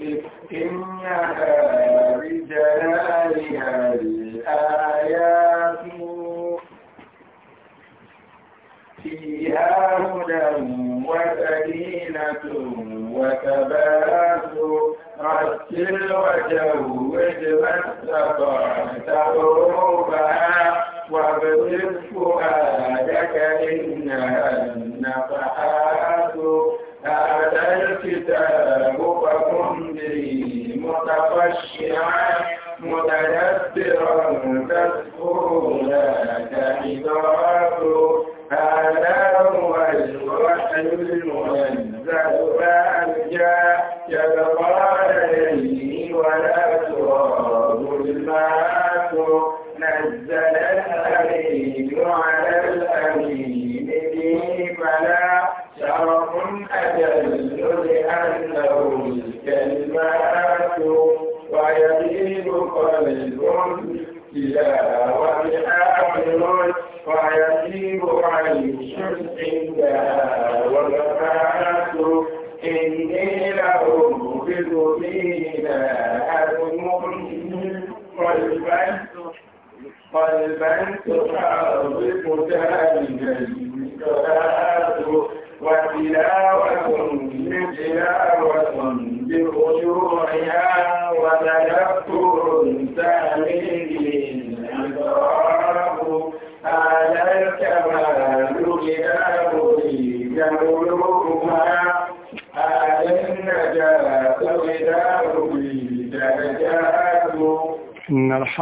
إنها بجلالها الآيات فيها هدى وسكينة وثبات رتل ما استطعت عروبها وابذل فؤادك إنها النفحات مخشعا متدبرا تذكر ذاك هذا هو الوحي المنزل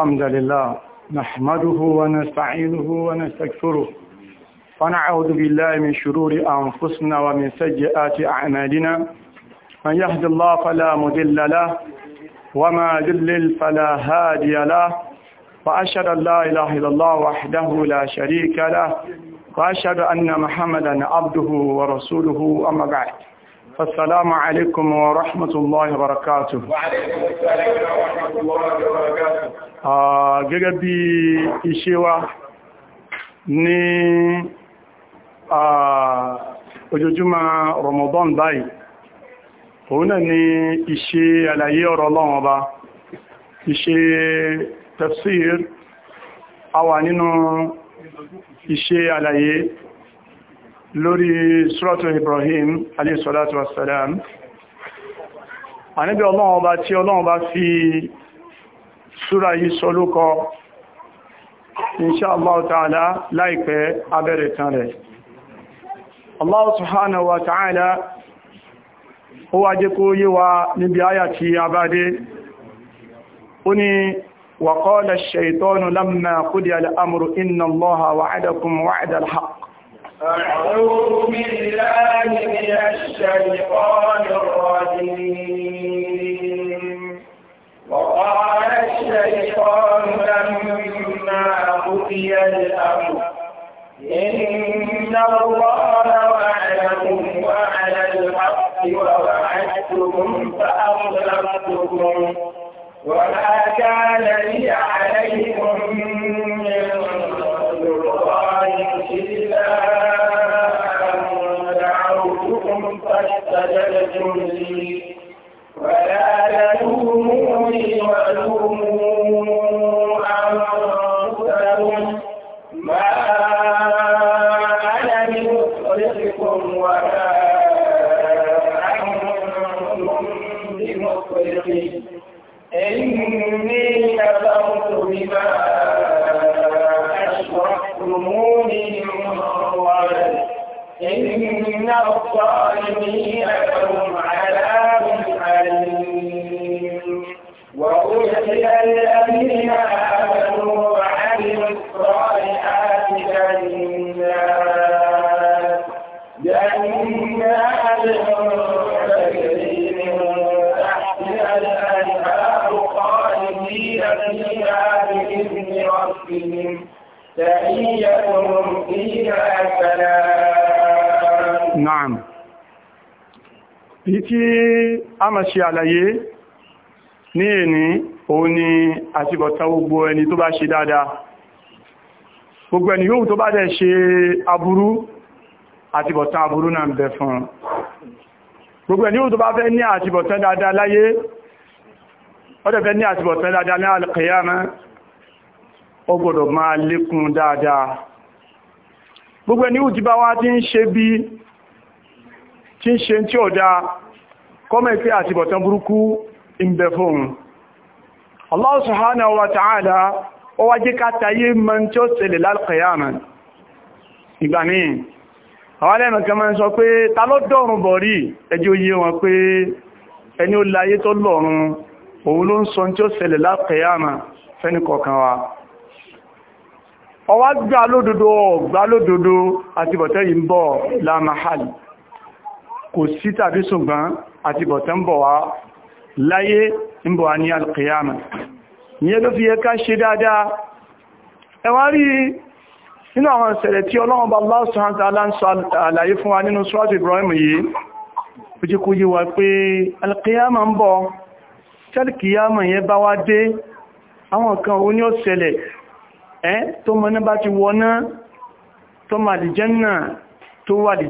الحمد لله نحمده ونستعينه ونستكفره ونعوذ بالله من شرور أنفسنا ومن سيئات أعمالنا من يهد الله فلا مدل له وما يضلل فلا هادي له وأشهد أن إله إلا الله وحده لا شريك له وأشهد أن محمدا عبده ورسوله أما بعد فالسلام عليكم ورحمة الله وبركاته وعليكم السلام ورحمة الله وبركاته gẹ́gẹ́ bí iṣẹ́ wa ní ah, ojoojúmọ́ Ramadan báyìí òun náà ni iṣẹ́ àlàyé ọ̀rọ̀ Ọlọ́run ọba iṣẹ́ tafsir a wà nínú iṣẹ́ àlàyé lórí Suratu Ibrahim alayhi salatu wassalam àníbí ọlọ́run ọba tí ọlọ́run bá fi súra yìí sọ lókọ insha Allah ta'ala láìpẹ́ abẹ́rẹ̀ tán rẹ̀ Allah subhanahu wa ta'ala ó wá jẹ́ kó yé wa níbi áyà tí a bá dé ó ní wa qala ash-shaytanu lamma qudiya inna Allaha wa'adakum wa'da haqq أعوذ بالله من الشيطان الرجيم وقال الشيطان لما قضي الأمر إن الله وعدكم وعلى الحق ووعدتكم فأغلقتكم وما كان لي عليكم من سلطان إلا سجد جندي ولا تلوموني ولومون ṣe àlàyé ní èní òun ni àtibọ̀ta gbogbo ẹni tó bá ṣe dáadáa gbogbo ẹni yóò tó bá dẹ̀ ṣe aburú àtibọ̀ta aburú náà bẹ̀ fún gbogbo ẹni yóò tó bá fẹ́ ní àtibọ̀ta dáadáa láyé ọdẹ̀ fẹ́ ní àtibọ̀ta dáadáa ní alkiyama ó gbọ́dọ̀ máa lékún dáadáa gbogbo ẹni yóò ti bá wá ti ń ṣe bí ti ń ṣe tí ọ̀dáa kọ́mẹ̀ pé àti bọ̀tán burúkú ń bẹ fún Allah subhanahu wa ta'ala ó wá jẹ́ ká tayé mọ́ tí ó ṣẹlẹ̀ lálqiyama ìgbà míì àwọn alẹ́mọ̀kan máa ń sọ pé ta ló dọ̀run bọ̀ rí ẹjọ́ yé wọn pé ẹni ó láyé tó ọwá gbá lódodo ọ̀gbá lódodo àti bọ̀tẹ́ yìí ń bọ̀ lámàhálì kò sí tàbí ṣùgbọ́n àti bọ̀tán bọ̀ wá láyé ń bọ̀ wá ní alkiyama ní ẹ ló fi yẹ ká ṣe dáadáa ẹwà rí nínú àwọn ìṣẹ̀lẹ̀ tí ọlọ́run bá Allah subhanahu wa ta'ala ń sọ àlàyé fún wa nínú suratu Ibrahim yìí ó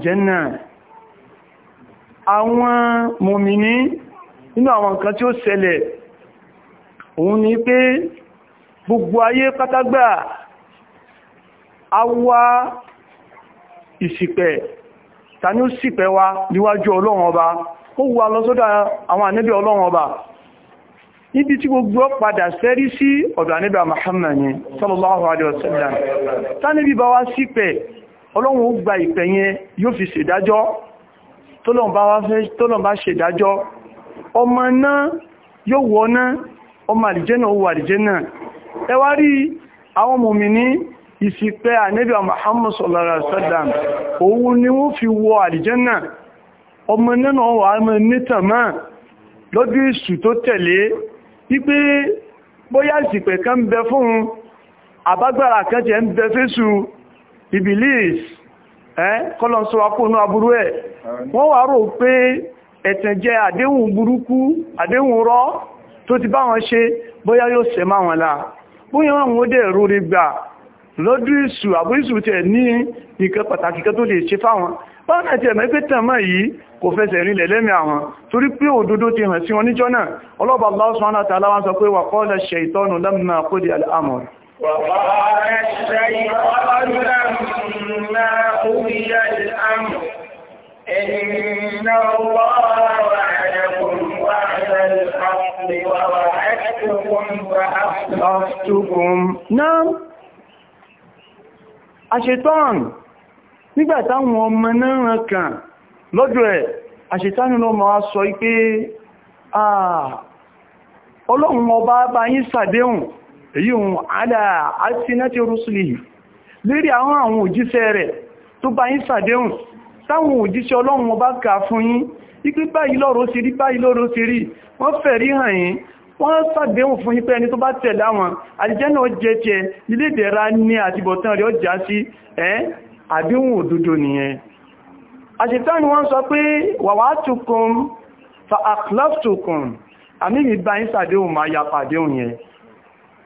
jẹ́ náà àwọn mùmìní nínú àwọn nǹkan tí ó ṣẹlẹ̀ òun ni gbogbo aye patagba awa ìsìpẹ̀ ta ni ó sìpẹ̀ wa níwájú ọlọ́run ọba ó wà lọ sọ́dọ̀ àwọn ànábì ọlọ́run ọba níbi tí gbogbo padà sẹ́rí sí ọ̀dọ̀ ànábì Muhammad ni sallallahu alaihi wasallam ta níbi bá wá sípẹ̀ ọlọ́run ó gba ìpẹ̀ yẹn yóò fi tọ́lọ̀n bá ṣèdájọ́ ọmọ náà yóò wọ náà ọmọ àlìjẹ́nà ó wà àlìjẹ́nà ẹ wá rí àwọn mùmìní ìsìpẹ́ ànẹ́bí Muhammad sallallahu alaihi wasallam òun ni wọ́n fi wọ àlìjẹ́nà ọmọ náà wà mọ́ nítàmá lọ́dún ìsù tó tẹ̀lé wípé bóyá ìsìpẹ̀ kan ibilis kọ́lọ̀n sọ akóònú aburú ẹ̀ wọ́n wà rò pé ẹ̀tàn jẹ́ àdéhùn burúkú àdéhùn rọ́ tó ti bá wọn ṣe bóyá yóò ṣe máa wọn láà bóyá wọn ó dẹ̀ rúrí gbà lọ́dún ìsù àbúrísù tẹ̀ ní nǹkan pàtàkì kan tó lè ṣe fáwọn báwọn àti ẹ̀mẹ́ pé tẹ̀mọ́ yìí kò fẹsẹ̀ rinlẹ̀ lẹ́mìí àwọn torí pé òdodo ti hàn sí wọn níjọ́ náà ọlọ́bàá Allah subhanahu wa sọ pé wa qala ash-shaytanu lamma qudiya al وقال الشيطان لما قضي الأمر إن الله وعدكم وعد نعم àṣetán nígbàtá àwọn ọmọ náà kàn lọ́dọ̀ ẹ̀ àṣetán ló máa sọ pé àà ah, ọlọ́run ọba bá yín ṣàdéhùn èyí òun àdá àtínátì rúsùlì lérí àwọn àwọn òjíṣẹ́ rẹ̀ tó bá yín sàdéhùn sáwọn òjíṣẹ́ ọlọ́run ọba kà fún yín ipé báyìí lọ́rọ̀ sí rí báyìí lọ́rọ̀ sí rí wọ́n fẹ̀rí hàn yín wọ́n sàdéhùn fún yín pé ẹni tó bá tẹ̀lé àwọn àlìjẹ́nà jẹ́ tiẹ̀ ilé ìdẹ̀ra ní àtibọ̀tán rẹ̀ ọjà sí ẹ́ àdéhùn òdodo nìyẹn àṣetáni wọ́n sọ pé wàwá tukùn fa àkláfùtukùn àmì ìbáyín sàdéhùn máa yapa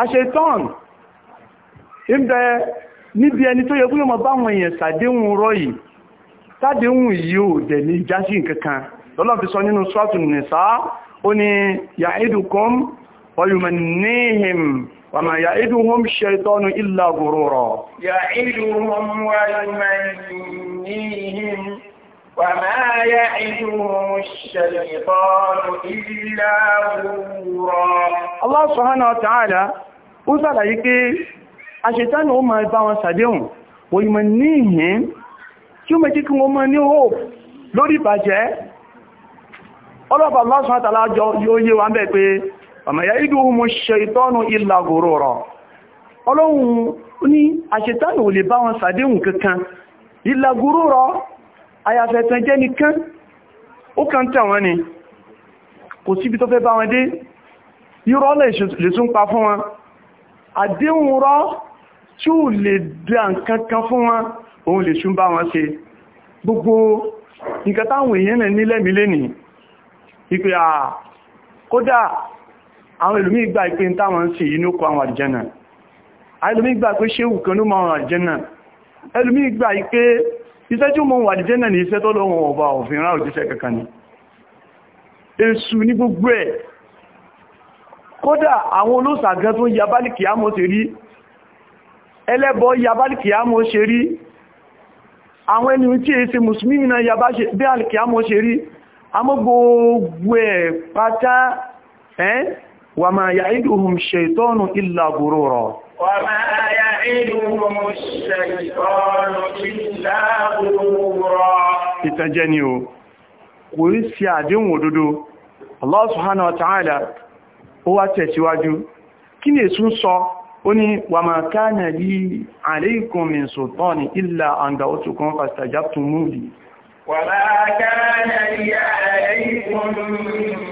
àṣetán ń bẹ níbi ẹni tó yẹ kúrò mọ́ báwọn èèyàn sàdéhùn rọ́ yìí sàdéhùn yìí ò dẹ̀ ní jásí kankan lọ́lọ́ fi sọ nínú sọ́ọ̀tù nìsá ó ní ya'idukum wa yumannihim wa ma ya'iduhum shaytanu illa ghurura وما يعدهم الشيطان إلا غرورا الله سبحانه وتعالى ó ṣàlàyé pé àṣetánù ó máa bá wọn ṣàdéhùn òyìnmọ̀ ní ìhìn tí ó ọlọ́pàá Allah subhanahu yóò yé wa ń pé wa ní àṣetánù bá wọn kankan àyàfẹ̀tàn jẹ́ nìkan ó kàn tẹ̀ wọ́n ni kò síbi tó fẹ́ bá wọn dé irọ́ lè tún pa fún wọn àdéhùn rọ́ tí ó lè dá nǹkan kan fún wọn òun lè tún bá wọn ṣe gbogbo nǹkan táwọn èèyàn náà ní lẹ́mílé nì ìpé à kódà àwọn ìlúmí ìgbà ìpé táwọn sí inú kọ àwọn iṣẹ́ tí ó mọ́ wà dìjẹ́ náà ní iṣẹ́ ọba òfin rán òjíṣẹ́ kankan ni èṣù ní gbogbo ẹ̀ kódà àwọn olóòsàgán tó yabálìkì àmọ́ ṣe rí ẹlẹ́bọ yabálìkì àmọ́ ṣe rí àwọn ẹni tí èé ṣe ṣe rí ẹ̀ pátá وما يعدهم الشيطان إلا غرورا ìtànjẹ ni o kò rí sí àdéhùn òdodo Allah subhanahu wa ta'ala ó wá tẹ̀síwájú kí ni èsù ń sọ ó ní wa ma kana li alaykum min sultani illa an da'utukum fastajabtum li wa ma kana li alaykum min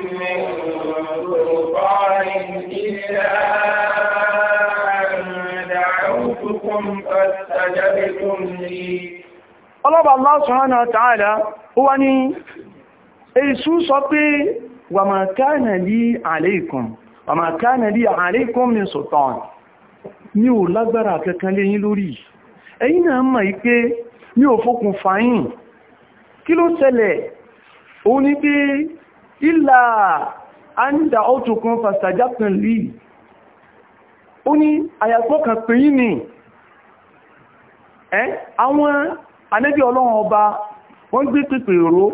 Ọlọ́bà Allah subhanahu wa ta'ala, ó wá ní, Èṣù sọ pé, wà máa kana li alaykum, wà máa kana li alaykum min sultan, ní ò lágbára kankan lé yín lórí. Ẹ̀yin náà mọ̀ pé ní ò fókun fàyín, kí ló ṣẹlẹ̀? Ó ní pé, illa an da'utukum fastajabtum li. Ó ní, àyàfọ́ àwọn anẹ́bí ọlọ́run ọba wọ́n gbé pípè ìró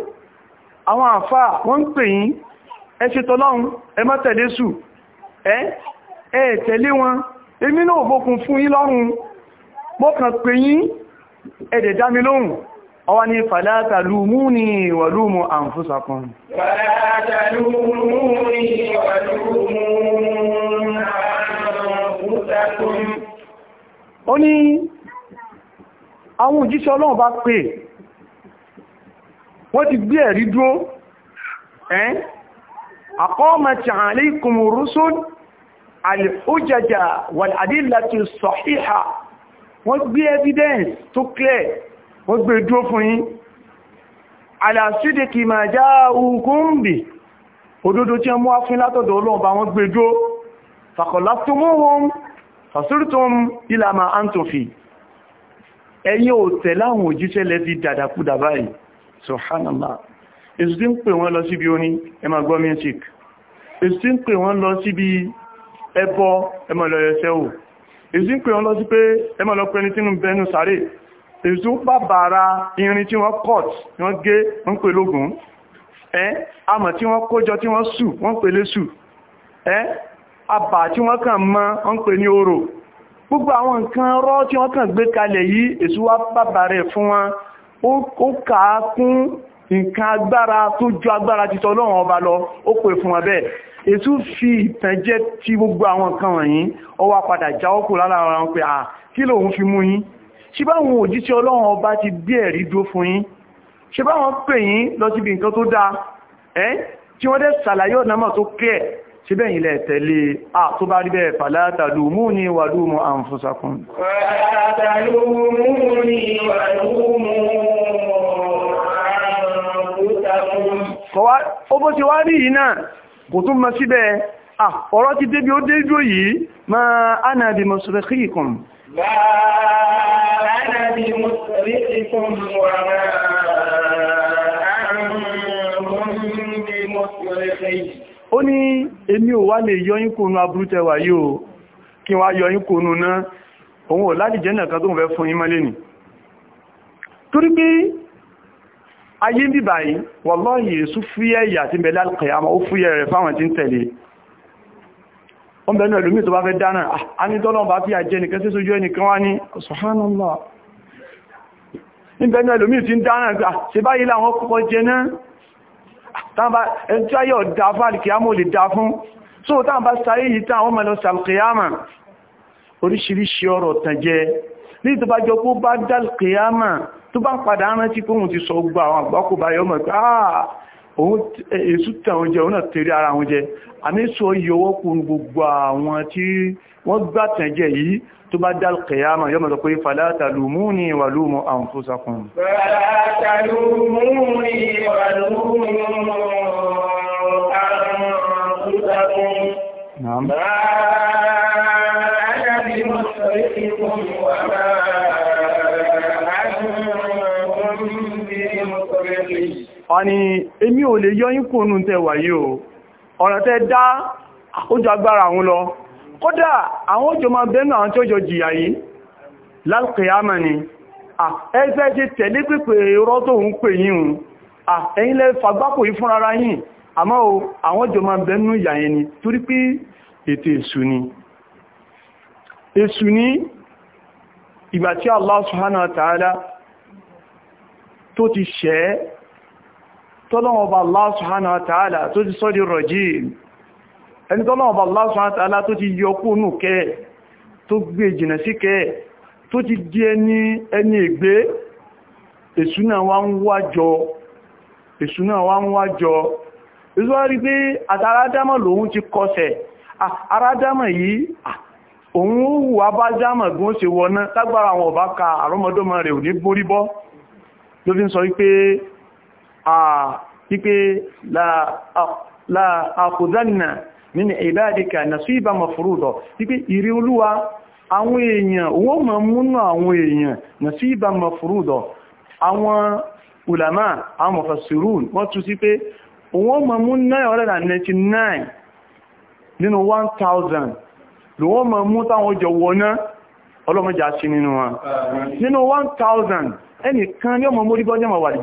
àwọn àfà wọ́n pè yín ẹ ṣe tọ́lọ́run ẹ má tẹ̀lé sù ẹ tẹ̀lé wọn èmi náà bókun fún yín lọ́rùn mọ́kàn pè yín ẹ̀dẹ̀ dá mi lóhùn ọwá ní fàlátà lùmú ní wàlúmù àǹfúsàkan fàlátà lùmú ní wàlúmù àǹfúsàkan àwọn òjíṣẹ́ ọlọ́run bá pè wọ́n ti gbé ẹ̀rí dúró ẹ́n àkọ́ọ̀mọ̀tí àlékùnmù rúsùn àlèhújẹjà wà àdílàtí sọ̀híhà wọ́n gbé evidence tó clear wọ́n gbé dúró fún yín àlàsídìkì mà já ukúmbì òdodo tí wọ́n mú afin látọ̀dọ̀ ọlọ́run bá wọ́n gbé dúró fàkọ̀lá tó wọn fàṣírìtùm ìlàmà àǹtòfì ẹ̀yin ò tẹ̀lé àwọn òjíṣẹ́ lẹ ti dàdàkúdà báyìí subhanallah èsù tí ń pè wọ́n lọ síbi orin ẹ máa gbọ́ music èsù tí ń pè wọ́n lọ síbi ẹbọ ẹ máa lọ yẹsẹ́ wò èsù tí ń pè wọ́n lọ sí pé ẹ máa lọ tí wọ́n kàn mọ́ wọ́n pè ní orò gbogbo àwọn nǹkan rọ́ tí wọ́n kàn gbé kalẹ̀ yìí èṣù wá bàbà rẹ̀ fún wọn ó kà á kún nǹkan agbára tó ju agbára títọ́ lọ́wọ́n ọba lọ ó pè fún wọn bẹ́ẹ̀ èṣù fi ìtànjẹ ti gbogbo àwọn nǹkan wọ̀nyí ó wá padà jáwọ́ kù lára wọn pé à kí lòun fi mú yín ṣe báwọn òjíṣẹ́ ọlọ́run ọba ti bí ẹ̀rí dó fún yín ṣe báwọn pè yín lọ síbi nǹkan tó dáa ẹ́ tí wọ́n dẹ̀ ṣàlàyé ọ̀nàmọ̀ tó kẹ́ síbẹ̀ ilẹ̀ tẹ̀lé à tó bá rí bẹ́ẹ̀ fàlátàlú mú ní wàlú mú àǹfúsakún fàlátàlú mú ní wàlú mú àǹfúsakún ó bó ti wá rí yìí náà kò tún mọ síbẹ̀ à ọ̀rọ̀ ti débi ó déjò yìí ma ana bi musrikhikum ma ana bi musrikhikum wa ma antum bi musrikhi ó ní èmi ò wá lè yọyín kónú aburútẹwà yóò kí wá yọyín kónú náà òun ò lálìjẹ́ nǹkan tó ń fẹ́ fún yín mọ́lé nì torí pé ayé ń bíbà yìí wallahi Jésù fúyẹ́ ìyà ti bẹ̀lá kẹyàmọ́ ó fúyẹ́ rẹ̀ fáwọn tí ń tẹ̀lé ọmọ ẹ̀nà ìlúmí tó bá fẹ́ dáná anítọ́lọ́n ah, bá fi àjẹ́ nìkan sí sójú ẹnìkan wá ní subhanallah ìbẹ̀nà ìlúmí ti ń dáná ah, ṣe báyìí láwọn kọ́kọ́ jẹ náà ẹni tí ayọ̀ dá fún alìkìyàmù lè dá fún so tán bá sáyé yìí tán àwọn mẹ́lọ sàlìkìyàmù oríṣiríṣi ọ̀rọ̀ tànjẹ ní ìtọba jọ kó bá dálìkìyàmù tó bá padà rántí kóhun ti sọ gbà àwọn àgbákò báyọ̀ mọ̀ pé ah, Eh, èsù tàwọn jẹ òun tẹ̀rí ara wọn jẹ àmì sọ yíò kún gbogbo àwọn tí wọ́n gbà tẹ̀jẹ̀ yìí tó bá dá kẹyàmà yọ́ mọ̀sọ̀ pé fala talumuni wọ́n ni èmi ò lè yọ yínkù nù tẹwà yìí o ọ̀nà tẹ dá àkójọ agbára àwọn lọ kódà àwọn òjò máa bẹ́nu àwọn tí ó jọ jìyà yìí lálùkìyàmà ni ẹgbẹ́ ti tẹ̀lé pípè irọ́ tó ń pè yín un ìgbà tí Allah subhanahu wa tó ti ṣẹ́ tọ́lọ́wọ́ bá Allah subhanahu wa ta'ala tó ti sọ́dí rajim ẹni tọ́lọ́wọ́ bá Allah subhanahu wa ta'ala tó ti yọ kúrò kẹ́ tó gbé jìnà sí kẹ́ tó ti di ẹni ẹni ìgbé ìsúná wa ń wájọ ìsúná wa ń wájọ ìsúwárí pé àtàrádámọ̀ lòun ti kọsẹ̀ àrádámọ̀ yìí òun ó wù abájámọ̀ gún ṣe wọná tágbára àwọn ọ̀bá ka àrọ́mọdọ́mọ rẹ̀ ò ní borí bọ́ ló fi ń sọ wípé pípé láàkùdánà nínú ìbáàdìkà na sí ìbá mafurúdọ̀ pípé ìrí olúwa àwọn èèyàn wọ́n ma múnú àwọn èèyàn na sí ìbá mafurúdọ̀ àwọn ulama àwọn mufassirun wọ́n tún sí pé wọ́n ma mú 999 nínú 1000 lò wọ́n ma mú táwọn jọ wọ́ná ọlọ́mọjá sí nínú wọn nínú 1000 ẹnìkan ní ọmọ mórí bọ́jọ́ ma wà lè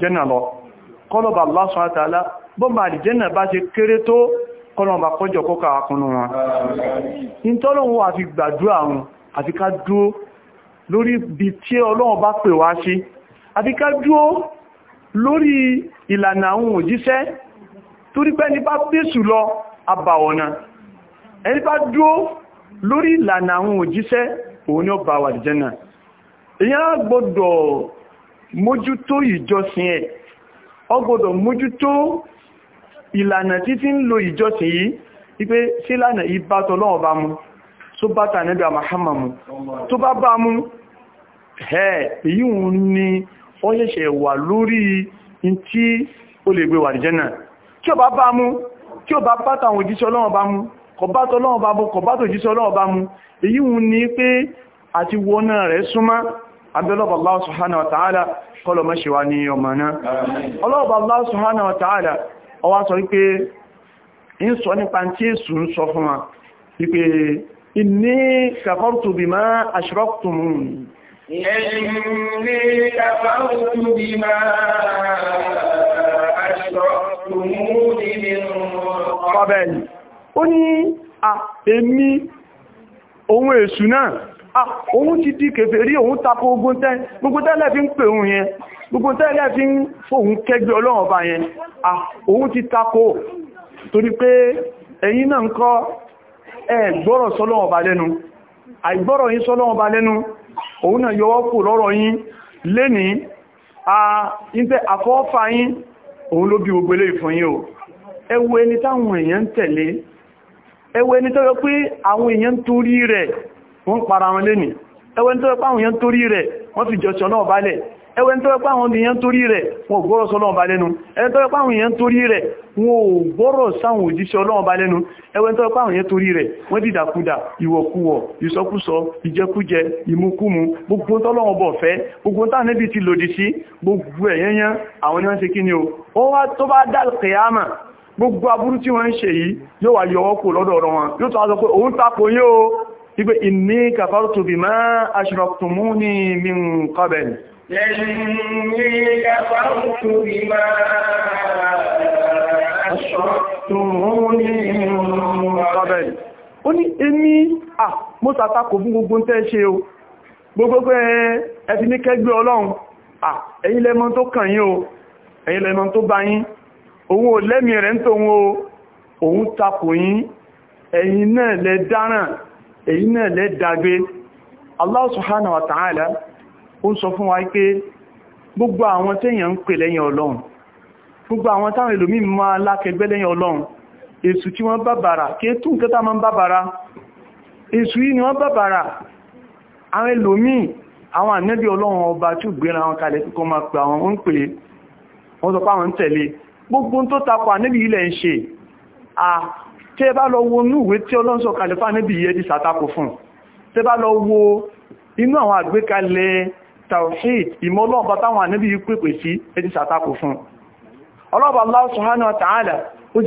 kọ́lọ̀bà Allah subhanahu wa ta'ala bọ́mbà àdìjẹ́nà bá ṣe kéré tó kọ́lọ̀bà kọjọ kọ́kà akúnnú wọn in tọ́lọ́wọ́ àfi gbàdúrà wọn àfi ká dúó lórí bí tí Ọlọ́run bá pè wá sí àfi ká dúó lórí ìlànà àwọn òjíṣẹ́ torí pé ní bá pèsù lọ àbàwọ̀nà ẹni bá dúó lórí ìlànà àwọn òjíṣẹ́ òun ni ó bá wà àdìjẹ́nà èyàn gbọ́dọ̀ mójútó ìjọsìn ẹ̀ ó gbọ́dọ̀ mójútó ìlànà títí ń lo ìjọsìn yìí wípé sí lànà ìbátọ̀ lọ́wọ́ bá mú tó bá tà níbi àmàhàmà mú tó bá bá mú ẹ̀ èyí wọn ni ó ṣẹ̀ṣẹ̀ wà lórí tí ó lè gbé wà jẹ́nà tí ó bá bá mú tí ó bá bá wa ta'ala kọ́lọ̀ mọ́ ṣe wá ní ọmọ náà ọlọ́ọ̀bà Allah subhanahu wa ta'ala ó wá sọ wípé ń sọ nípa tí èsù ń sọ fún wa wípé inni kafartu bima ashraktumun inni kafartu bima ashraktumun ní à èmi ohun èsù náà Ah, òun ti di kèfèrí òun tako ogun tẹ́ gbogbo tẹ́lẹ̀ fi ń pè òun yẹn gbogbo tẹ́lẹ̀ fi ń fòun kẹgbẹ́ ọlọ́run ọba yẹn ah, òun ti tako torí pé ẹ̀yin náà ń kọ́ ẹ gbọ́rọ̀ sọ́lọ́run ọba lẹ́nu àìgbọ́rọ̀ yín sọ́lọ́run ọba lẹ́nu òun náà yọwọ́ kù lọ́rọ̀ yín lẹ́ni àfọ́fà yín òun ló bí gbogbo ilé ìfún yín o ẹ wo ẹni táwọn èèyàn ń tẹ̀lé ẹ wo ẹni tó yọ pé àwọn èèyàn ń torí rẹ̀ wọ́n para wọn lé ní ẹwẹ́n tó ẹpá àwọn èèyàn torí rẹ̀ wọ́n fi jọsọ náà balẹ̀ ẹwẹ́n tó ẹpá àwọn èèyàn torí rẹ̀ wọ́n gbọ́rọ̀ sọ náà balẹ́nu ẹwẹ́n tó ẹpá àwọn èèyàn torí rẹ̀ wọ́n gbọ́rọ̀ sáwọn òjíṣẹ́ Ọlọ́run balẹ́nu ẹwẹ́n tó ẹpá àwọn èèyàn torí rẹ̀ wọ́n dìdàkudà ìwọ̀kuwọ̀ ìsọkúsọ ìjẹkújẹ ìmukúmu gbogbo tọ́lọ́run bọ̀ fẹ́ gbogbo tá níbi ń ṣe yìí yóò wá yọwọ́ kò lọ́dọ̀ ọ̀rọ̀ wọn yóò tó wá pé òun tako yóò wípé inni kàfàrùtù bí máa aṣìrọ̀tùmú ní min qabl inni kàfàrùtù bí máa aṣìrọ̀tùmú ní min qabl ó ní èmi à mo sàtakò fún gbogbo tẹ́ ṣe o gbogbo pé ẹfi ní kẹgbẹ́ ọlọ́run à ẹ̀yin lẹ́mọ tó kàn yín o ẹ̀yin lẹ́mọ tó bá yín òun ò lẹ́mìí rẹ̀ ń tóun o òun takò yín ẹ̀yin náà lẹ dáràn èyí náà lẹ́dàgbé Allah subhanahu wa ta'ala ó ń sọ fún wa pé gbogbo àwọn tẹ́yàn ń pè lẹ́yìn ọlọ́run gbogbo àwọn táwọn èlòmí máa lákẹgbẹ́ lẹ́yìn ọlọ́run èsù tí wọ́n bàbàrà kí tún kẹta ni wọ́n bàbàrà àwọn èlòmí àwọn ànẹ́bí ọlọ́run ọba tí ó gbéra wọn kalẹ̀ tí kọ́ máa pè àwọn ń tí ẹ bá lọ wo inú ìwé tí ọlọ́nsọ kàlẹ́fà níbi yẹ́ di sàtakò fún tí ẹ bá lọ wo inú àwọn àgbékalẹ̀ tawhid ìmọ́lọ́ọ̀bá táwọn ànábì pèpè sí ẹ di sàtakò fún ọlọ́ọ̀bá Allah subhanahu wa ta'ala ó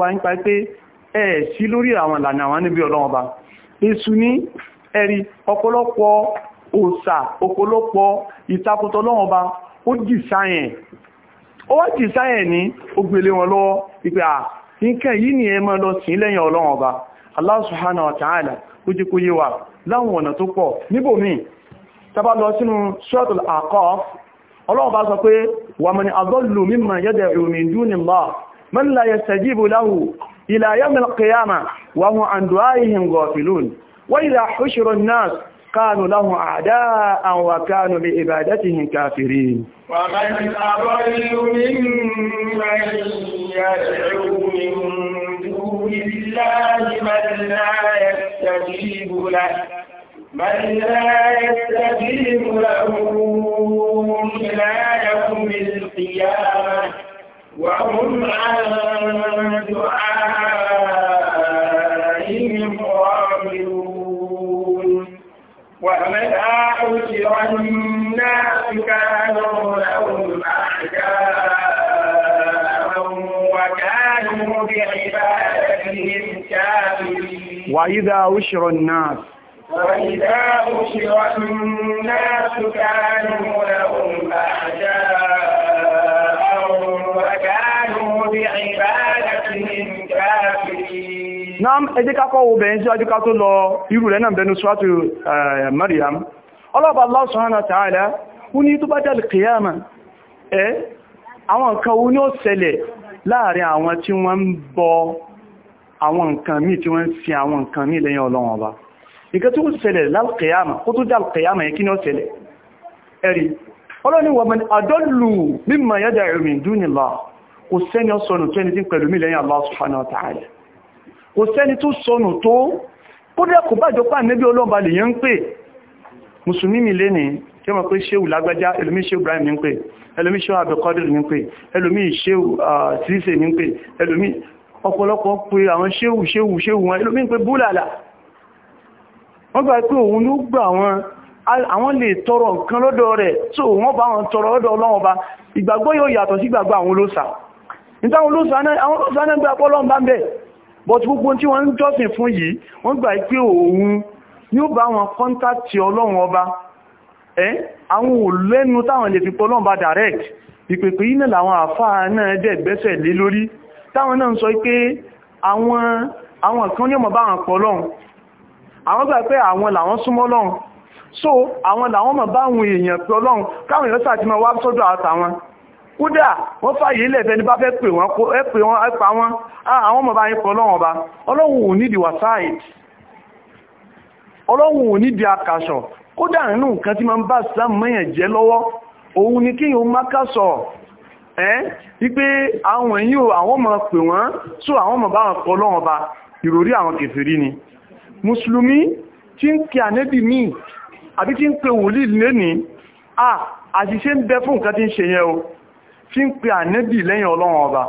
wa ń pa pé ẹ sí lórí àwọn ìlànà àwọn níbi ọlọ́ọ̀bá èṣù ní ẹ̀rí ọ̀pọ̀lọpọ̀ òòṣà ọ̀pọ̀lọpọ̀ ìtakùtọ̀ ọlọ́ọ̀bá ó dì sáyẹn nǹkan yìí ni ẹ máa lọ sí lẹ́yìn ọlọ́run ọba Allah subhanahu wa ta'ala ó jí kó yé wa láwọn ọ̀nà tó pọ̀ níbòmí tàbá lọ sínú suratul A'raf ọlọ́run bá sọ pé wa man adallu mimman yad'u min dunillah كانوا له أعداء وكانوا بإبادتهم كافرين ومن أضل ممن يدعو من دون الله من لا يستجيب له من لا يستجيب له إلى يوم القيامة وهم عن دعائهم الناس كانوا لهم وكانوا بعبادتهم كافرين وإذا أشر الناس وإذا أشر الناس كانوا لهم أعداء وكانوا بعبادتهم كافرين nam ẹjẹ́ kákọ́ obìnrin sí ajúká tó lọ irú rẹ̀ náà bẹnu suratu Maryam ọlọ́bà Allah subhanahu ta'ala ó ní tó bá jẹ́ alìkìyàmà ẹ́ àwọn nǹkan ó ní ó ṣẹlẹ̀ láàrin àwọn tí wọ́n ń bọ àwọn nǹkan míì tí wọ́n ń sin àwọn nǹkan míì lẹ́yìn Ọlọ́run ọba nǹkan tó ṣẹlẹ̀ lálùkìyàmà kó tó jẹ́ alìkìyàmà ni ó ṣẹlẹ̀ ẹ̀rí Allah subhanahu ta'ala kò sẹ́ni tó sọnù tó kódẹ̀ kò bá jọpá níbi ọlọ́ọ̀bá lè yẹn ń pè mùsùlùmí mi lé ní tí wọ́n pé ṣéhù lágbájá ẹlòmí ṣéhù Ibrahim ní ń pè ẹlòmí ṣéhù abẹ́kọ́dìrì ní ń pè ẹlòmí ṣéhù tíṣe ní ń pè ẹlòmí ọ̀pọ̀lọpọ̀ pé àwọn ṣéhù ṣéhù ṣéhù wọn ẹlòmí pé búlàlà wọ́n gbà pé òun ló gbà wọn àwọn ìgbàgbọ́ yóò yàtọ̀ sí ìgbàgbọ́ àwọn olóòsà nítorí olóòsà náà gbà pọ́lọ́run bá but gbogbo tí wọ́n ń jọ́sìn fún yìí wọ́n gbà pé òun ni ó bá wọn kọ́ntàtì ọlọ́run ọba ẹ́ àwọn olẹ́nu táwọn lè fi pọ́ ọlọ́run bá direct ìpèpè yìí náà làwọn àfáà náà dẹ̀ gbẹ́sẹ̀ lé lórí táwọn náà ń sọ pé àwọn àwọn kan ní ọmọ bá wọn pọ̀ ọlọ́run àwọn gbà pé àwọn làwọn súnmọ́ ọlọ́run so àwọn làwọn mọ̀ bá àwọn èèyàn pọ̀ ọlọ́run káwọn èèyàn sàtìmọ̀ wá sọ́dọ̀ àtàwọn kódà wọ́n fàyè ilẹ̀ ẹ̀fẹ́ ní bá fẹ́ pè wọ́n ẹ̀pẹ̀ wọ́n ẹ̀pà wọn ah, àwọn ọmọ bá yín pọ̀ lọ́wọ́n ọba ọlọ́run ò nídìí wàsáìd ọlọ́run ò nídìí akàṣọ̀ kódà nínú nǹkan tí ma ń bá sàmọ́yàn jẹ́ lọ́wọ́ òun ni kí yóò mákàṣọ̀ ẹ́ wípé àwọn èyí àwọn ọmọ pè wọ́n só àwọn ọmọ bá wọn pọ̀ ah, ń bẹ fún nǹkan tí ń ṣe yẹn o tí ń pe ànẹ́bì lẹ́yìn ọlọ́run ọba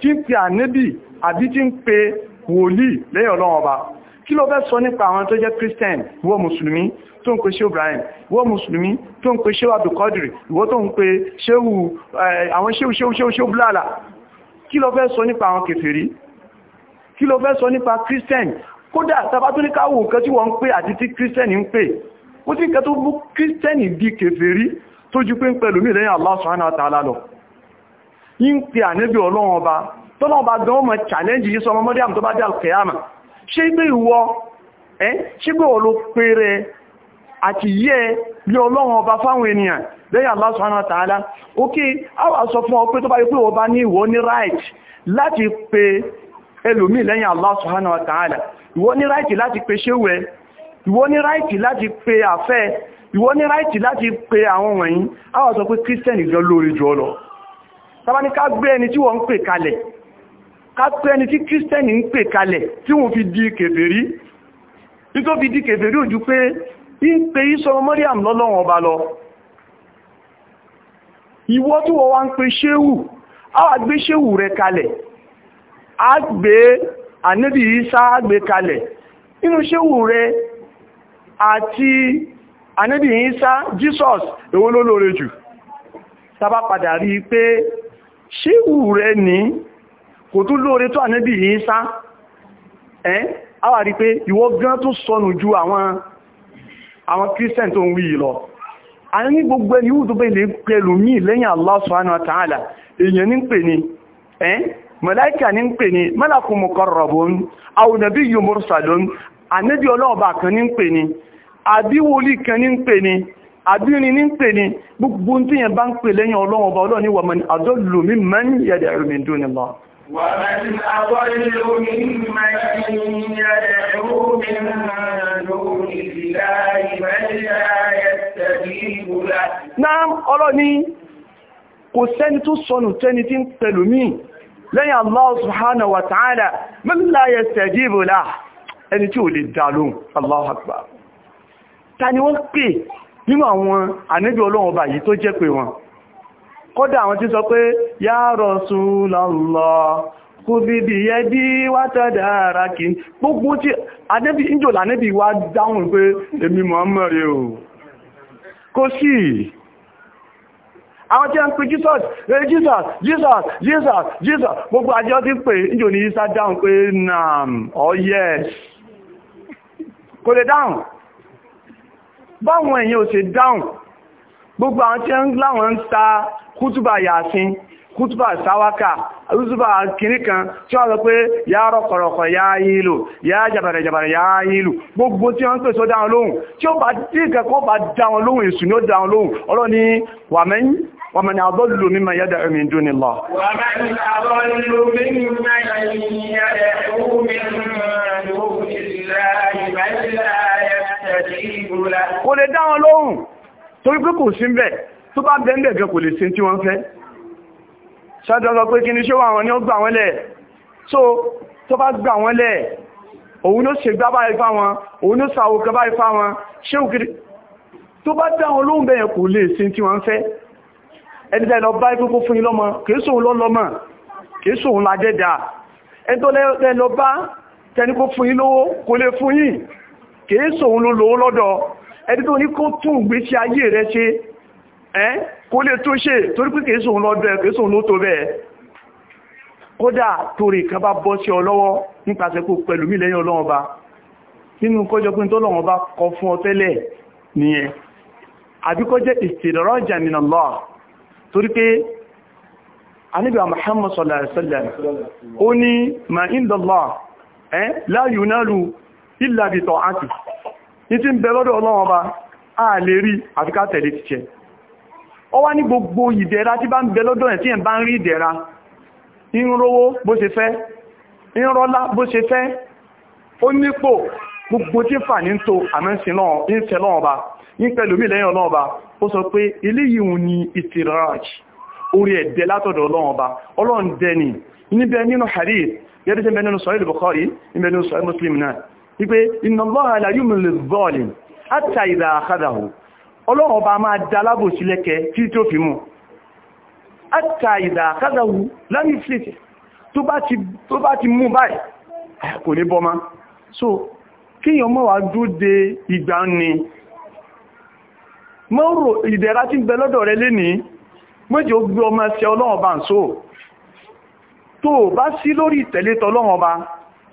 tí ń pe ànẹ́bì àbí tí ń pe wòlíì lẹ́yìn ọlọ́run ọba kí ló fẹ́ sọ nípa àwọn tó jẹ́ christian wọ́n mùsùlùmí tó ń pe ṣe Ibrahim wọ́n mùsùlùmí tó ń pe ṣe Abdulkadir ìwọ́n tó ń pe ṣéwù eh, àwọn ṣéwù ṣéwù ṣéwù ṣéwù bláàlà kí ló fẹ́ sọ nípa àwọn kèfèrí kí ló fẹ́ sọ nípa christian kódà tabatúníkáwò nǹkan tí wọ́n ń pè àti tí christian ń pè ó sì ń kẹ́ tó mú christian di kèfèrí tó ju pé ń pẹ̀lú mí lẹ́yìn Allah subhanahu wa ta'ala lọ ń pè ànẹ́bì ọlọ́run ọba tọ́lọ́ ọba gan ọmọ challenge yìí sọmọ mọ́díàm tó bá dé alkeyama ṣé pé ìwọ ẹ́ ṣé pé ọlọ́ pèrè àti yẹ́ bí ọlọ́run ọba fáwọn ènìyàn lẹ́yìn Allah subhanahu wa ta'ala ok a wà sọ fún ọ pé tó bá yẹ pé ọba ní ìwọ ní right láti pe ẹlòmí lẹ́yìn Allah subhanahu wa ta'ala ìwọ ní right láti pe ṣéwẹ́ ìwọ ní right láti pe àfẹ́ ìwọ ní right láti pe àwọn wọ̀nyí a wà sọ pé Christian ìjọ lórí jù ọ lọ sábáni ká gbé ẹni tí wọ́n ń pè kalẹ̀ ká pé ẹni tí kírísítẹ́nì ń pè kalẹ̀ tí wọ́n fi di kèfèrí tí tó fi di kèfèrí ojú pé ń pe Ìsá Mọ́ríàm lọ́lọ́wọ́n ọba lọ ìwọ tí wọ́n wá ń pe ṣéwù àwa gbé ṣéwù rẹ kalẹ̀ a gbé ànábì Ìsá gbé kalẹ̀ inú ṣéwù rẹ àti ànábì Ìsá Jesus èwo ló lóore jù sábà padà rí pé ṣíwù rẹ̀ ní kò tún lóore tó ànábì Ìsá ẹ́ a wà rí pé ìwọ gan tó sọnù ju àwọn àwọn Christian tó ń wí lọ a ní gbogbo ẹni yóò tó bẹ́ ilé pẹ̀lú mí lẹ́yìn Allah subhanahu wa ta'ala èèyàn ní pè ní ẹ́ màláíkà ní pè ní malakun muqarrabun aw nabiyyun mursalun ànábì ọlọ́ọ̀bà kan ní pè ní àbí wòlíì kan ní pè ní àbírin ní pè ní gbogbo tí yẹn bá ń pè lẹ́yìn ọlọ́run ọba ọlọ́run ni wà mọ́ni àdọ́lù mẹ́ni yẹ̀dẹ̀ ẹ̀rù dùn nílọ Náà ọlọ́ni kò sẹ́ni tó sọnù tẹ́ni tí ń pẹ̀lú mí lẹ́yìn Allah subhanahu wa ta'ala man la yastajibu lah ẹni tí ò lè akbar. Ta ni nínú àwọn ànábì ọlọ́run ọba yìí tó jẹ́ pé wọn kódà àwọn tí sọ pé ya Rasulullah kò bí bí yẹ bí wá tẹ́dẹ̀ ara gbogbo tí ànábì ìjòlá ànábì wá dáhùn pé èmi Muhammad o kò sí àwọn tí a ń pè jesus eh, jesus jesus jesus jesus gbogbo àjọ tí pè ìjò ní isa dáhùn pé naam oh yes kò lè dáhùn báwọn èèyàn ò ṣe dáhùn gbogbo àwọn tí ń láwọn ń ta kútùbà yàásín kútùbà sáwákà kútùbà kìníkan tí wọ́n lọ pé ya rọ̀kọ̀rọ̀kọ̀ ya ìlú ya jàbàrẹ̀ jàbàrẹ̀ ya ìlú gbogbo tí wọ́n ń pèsò dáhùn lóhùn tí ó bá tí ìkẹ́kọ́ bá dáhùn lóhùn èsù ni ó dáhùn lóhùn ọlọ́ ni wàmẹ́yìn ومن أضل مما يدعو من kò lè dá wọn lóhùn torí pé kò sí bẹ̀ tó bá bẹ́ ńbẹ̀ gan kò lè sí tí wọ́n fẹ́ ṣáájú ọsọ pé kí ni ṣó àwọn ni ó gbà wọ́n lẹ̀ so tó bá gbà wọ́n lẹ̀ òun ló ṣe gbá báyìí fáwọn òun ló ṣàwò kan báyìí fáwọn ṣé òkiri tó bá dá wọn lóhùn bẹ́yẹn kò lè sí tí wọ́n fẹ́ ẹni tẹ́ lọ bá ikúkú fún ilọ́mọ kìí sóhun lọ́lọ́mọ kìí sóhun lájẹ́dà ẹni tó kèéso òun ló lówó lọ́dọ̀ ẹni tó ní kó tún ìgbésí ayé rẹ̀ ṣe ẹ́ kó lè tó ṣe torí pé kèéso òun lọ́dọ̀ ẹ̀ kèéso òun ló tó bẹ́ẹ̀ kódà torí kan bá bọ́ sí ọ lọ́wọ́ nípasẹ̀ kó pẹ̀lú mí lẹ́yìn ọlọ́wọ́ba ba nínú ma ìlàbìtọ̀ àti ní tí ń bẹ lọ́dọ̀ ọlọ́run ọba a lè rí àfikà tẹ̀lé ti jẹ ọ wá ní gbogbo ìdẹ̀ra tí bá ń bẹ lọ́dọ̀ ẹ̀ tí ẹ̀ bá ń rí ìdẹ̀ra ń rówó bó ṣe fẹ́ ń rọ́lá bó ṣe fẹ́ ó nípò gbogbo tí fà ní tó àmẹ́sìn lọ́wọ́ ọba ní pẹ̀lú mi lẹ́yìn ọlọ́ọba ó sọ pé eléyìí ni ìtìraj orí ẹ̀dẹ́ látọ̀dọ̀ ọlọ́ọba ọlọ́ọ̀dẹ́ni níbẹ̀ nínú hadith yẹ́dẹ́sẹ̀ mẹ́nu sọ Bukhari ìbẹ̀ nínú sọ Muslim náà wípé innallaha la yumlil zalim hatta idha akhadahu ọlọ́run ọba máa da alábòsí lẹ́kẹ̀ẹ́ tí tó fi mú hatta idha akhadahu lam yuflih tó bá ti mú báyìí kò ní bọ́ so kíyàn mọ́ wà dúró de ìgbà ní mọ́rò ìdẹ̀ra tí ń bẹ lọ́dọ̀ so tó bá sí lórí ìtẹ̀lé tọ́lọ́run ọba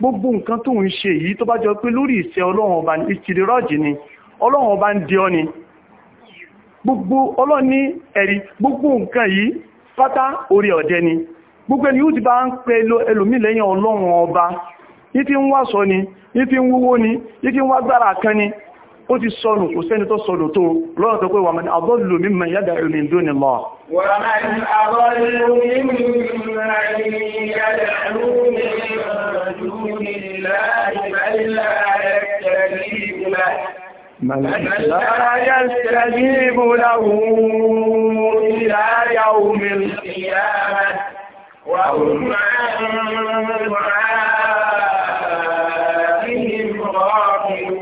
gbogbo nǹkan tó ń ṣe yìí tó bá jọ pé lórí ìṣẹ́ ọlọ́run ọba ìṣìlẹ̀ ni ọlọ́run ọba ń ọ ni gbogbo ọlọ́run ní ẹ̀rí gbogbo nǹkan yìí pátá orí ọ̀dẹ ni gbogbo ẹni yóò ti bá ń pẹ ẹlòmí ọlọ́run ọba sọ ni ní ni ní ń kan ni ó ti sọnù kò sẹ́ni tó sọnù tó lọ́rọ̀ tó pé wà àbọ́lù yádà ìrìn dún ni àbọ́lù yádà ìrìn dún ni دون الله بل لا يستجيب له بل لا يستجيب له إلى يوم القيامة وهم عن دعائهم غافلون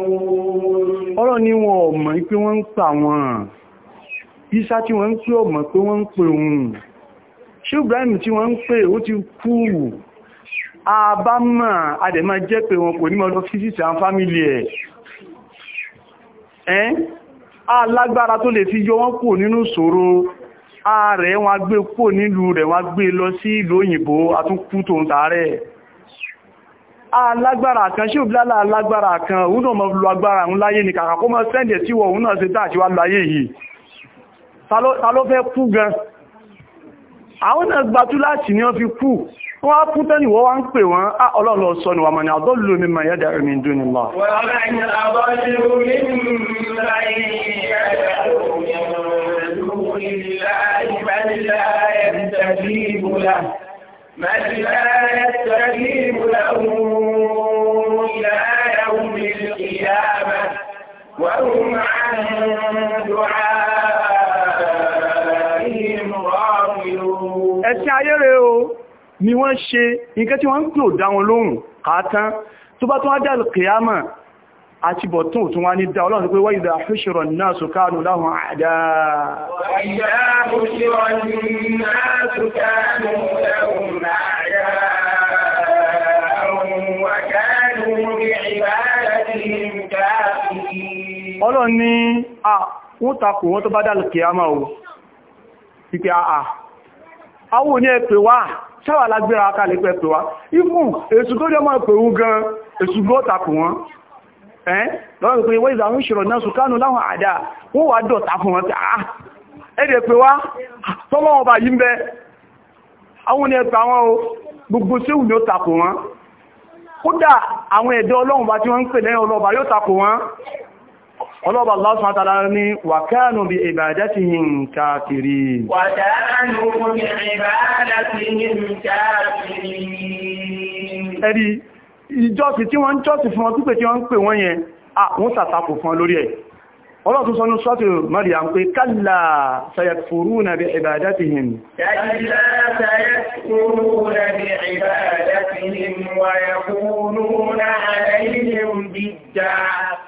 ọ̀rọ̀ ni wọn ò mọ̀ pé wọ́n ń pa wọn Ìsá tí wọ́n ń pè ọmọ pé wọ́n ń pè òun. Ṣé Ibrahim tí wọ́n ń pè ó ti kú àbámọ̀ àdẹ̀má jẹ́ pé wọn kò ní mọ́ lọ fíṣìsì àwọn fámílì ẹ̀ ẹ́n alágbára tó lè fi yọ wọ́n kò nínú ṣòro ààrẹ wọn gbé kò nílùú rẹ̀ wọn gbé lọ sí ìlú òyìnbó àtúnkú tó ń tààrẹ̀ alágbára kan ṣe òbílálà alágbára kan òun náà mọ́ lọ agbára òun láyé ní kàkà kó mọ́ sẹ́ndẹ̀ tí wọ òun náà ṣe dáàṣíwá láyé yìí ta ló fẹ́ kú gan àwọn náà gbatú láti ní wọ́n fi kú wọ́n á fún tẹ́lì wọ́n wá ń pè wọ́n á ah, ọlọ́lọ́ sọ ni wà mọ̀ ní àdọ́lù mi ma yẹ́dà rẹ̀ mi ń dúnni lọ. وهم عن دعائهم غافلون ayé rẹ̀ o ni wọ́n ṣe nǹkan tí wọ́n ń pè ò dá wọn lóhùn kàátán tó bá tún ádá kìyàmà àti bọ̀tún òtún wá ní dá ọlọ́run pé wáyìí dáhùṣọ́rọ̀ náà sùkánù láhùn àdá ọlọ́run ni à wọ́n takò wọ́n tó ṣáwà lágbéra akálẹ̀ pẹ́ pè wá ifun èsù tó jẹ́ máa pèwú gan èsù gbọ́ tapù wọn ẹ́ lọ́rùn pé wọ́n ìzàmú ìṣòro náà sùkánù láwọn àdá wọ́n wà dọ̀ta fún wọn ẹ̀dẹ̀ pé ah, wá ah, tọ́lọ́wọ́ bá yí ń bẹ́ àwọn ni ẹ̀pẹ̀ tí wọ́n ń pè lẹ́yìn ọlọ́bà Allah subhanahu wa ta'ala ní wa kanu bi ibadatihim kafirin wa kanu bi ibadatihim kafirin ẹ̀rí ìjọsìn tí wọ́n ń jọ́sìn fún wọn pípẹ̀ tí wọ́n ń pè wọ́n yẹn àwọn sàtàkù fún lórí ẹ̀ ọlọ́tún sọ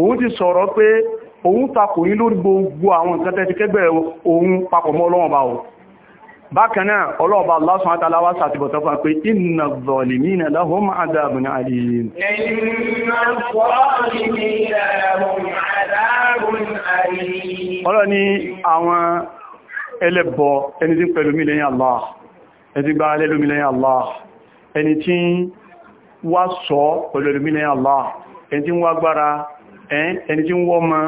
òun ti sọ̀rọ̀ pé òun takò yí lórí gbogbo àwọn nǹkan tẹ́ ti kẹ́gbẹ̀ òun papọ̀ ọlọ́wọ̀n bá wọn bákan ọlọ́ọ̀bá lásán àtàláwà sàtìbọ̀tọ́ fún pé iná zọ̀lì mínà lahum adabun alim ọlọ́ ni àwọn sọ pẹ̀lú ẹni tí wá gbára ẹni tí ń wọ́ ma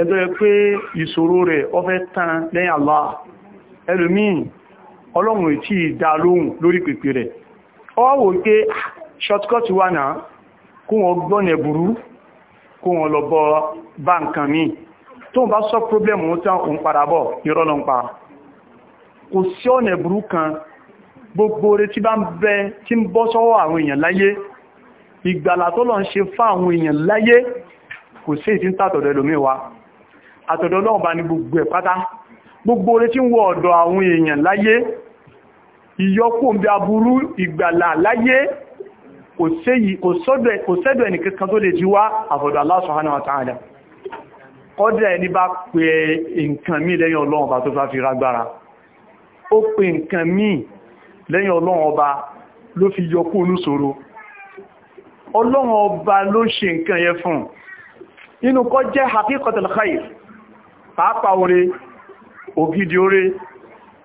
ẹjọ́ yẹ pé ìṣòro rẹ̀ ọ fẹ́ tán lẹ́yìn Allah ẹlòmíì ọlọ́run ìtì ìdá lóhùn lórí pèpè rẹ̀ ọ pé ah, shortcut wà náà kó wọn gbọ́nà ẹ̀bùrú kó wọn lọ bọ́ bá nǹkan míì tó ń bá sọ problem wọn tán òun padà bọ̀ ìrọ́lọ́npa kò sí ọ̀nà ẹ̀bùrú kan gbogbo oore lọ ń ṣe fáwọn èèyàn láyé kò sí ìsí tàtọ̀dọ̀ ẹlòmíì wa àtọ̀dọ̀ Ọlọ́run bá ní gbogbo ẹ̀ pátá gbogbo orí tí ń wọ ọ̀dọ̀ àwọn èèyàn láyé ìyọkùn bí aburú ìgbàlà láyé kò sọ́dọ̀ ẹnìkankan tó lè jí wá àfọ̀dọ̀ Allah subhanahu wa ta'ala kọ́dẹ̀ ẹni bá pè nǹkan mí lẹ́yìn Ọlọ́run ọba ló ṣe nǹkan yẹ fún un inú kọ́ jẹ́ haqiqatul khair pàápàá orí ògidì orí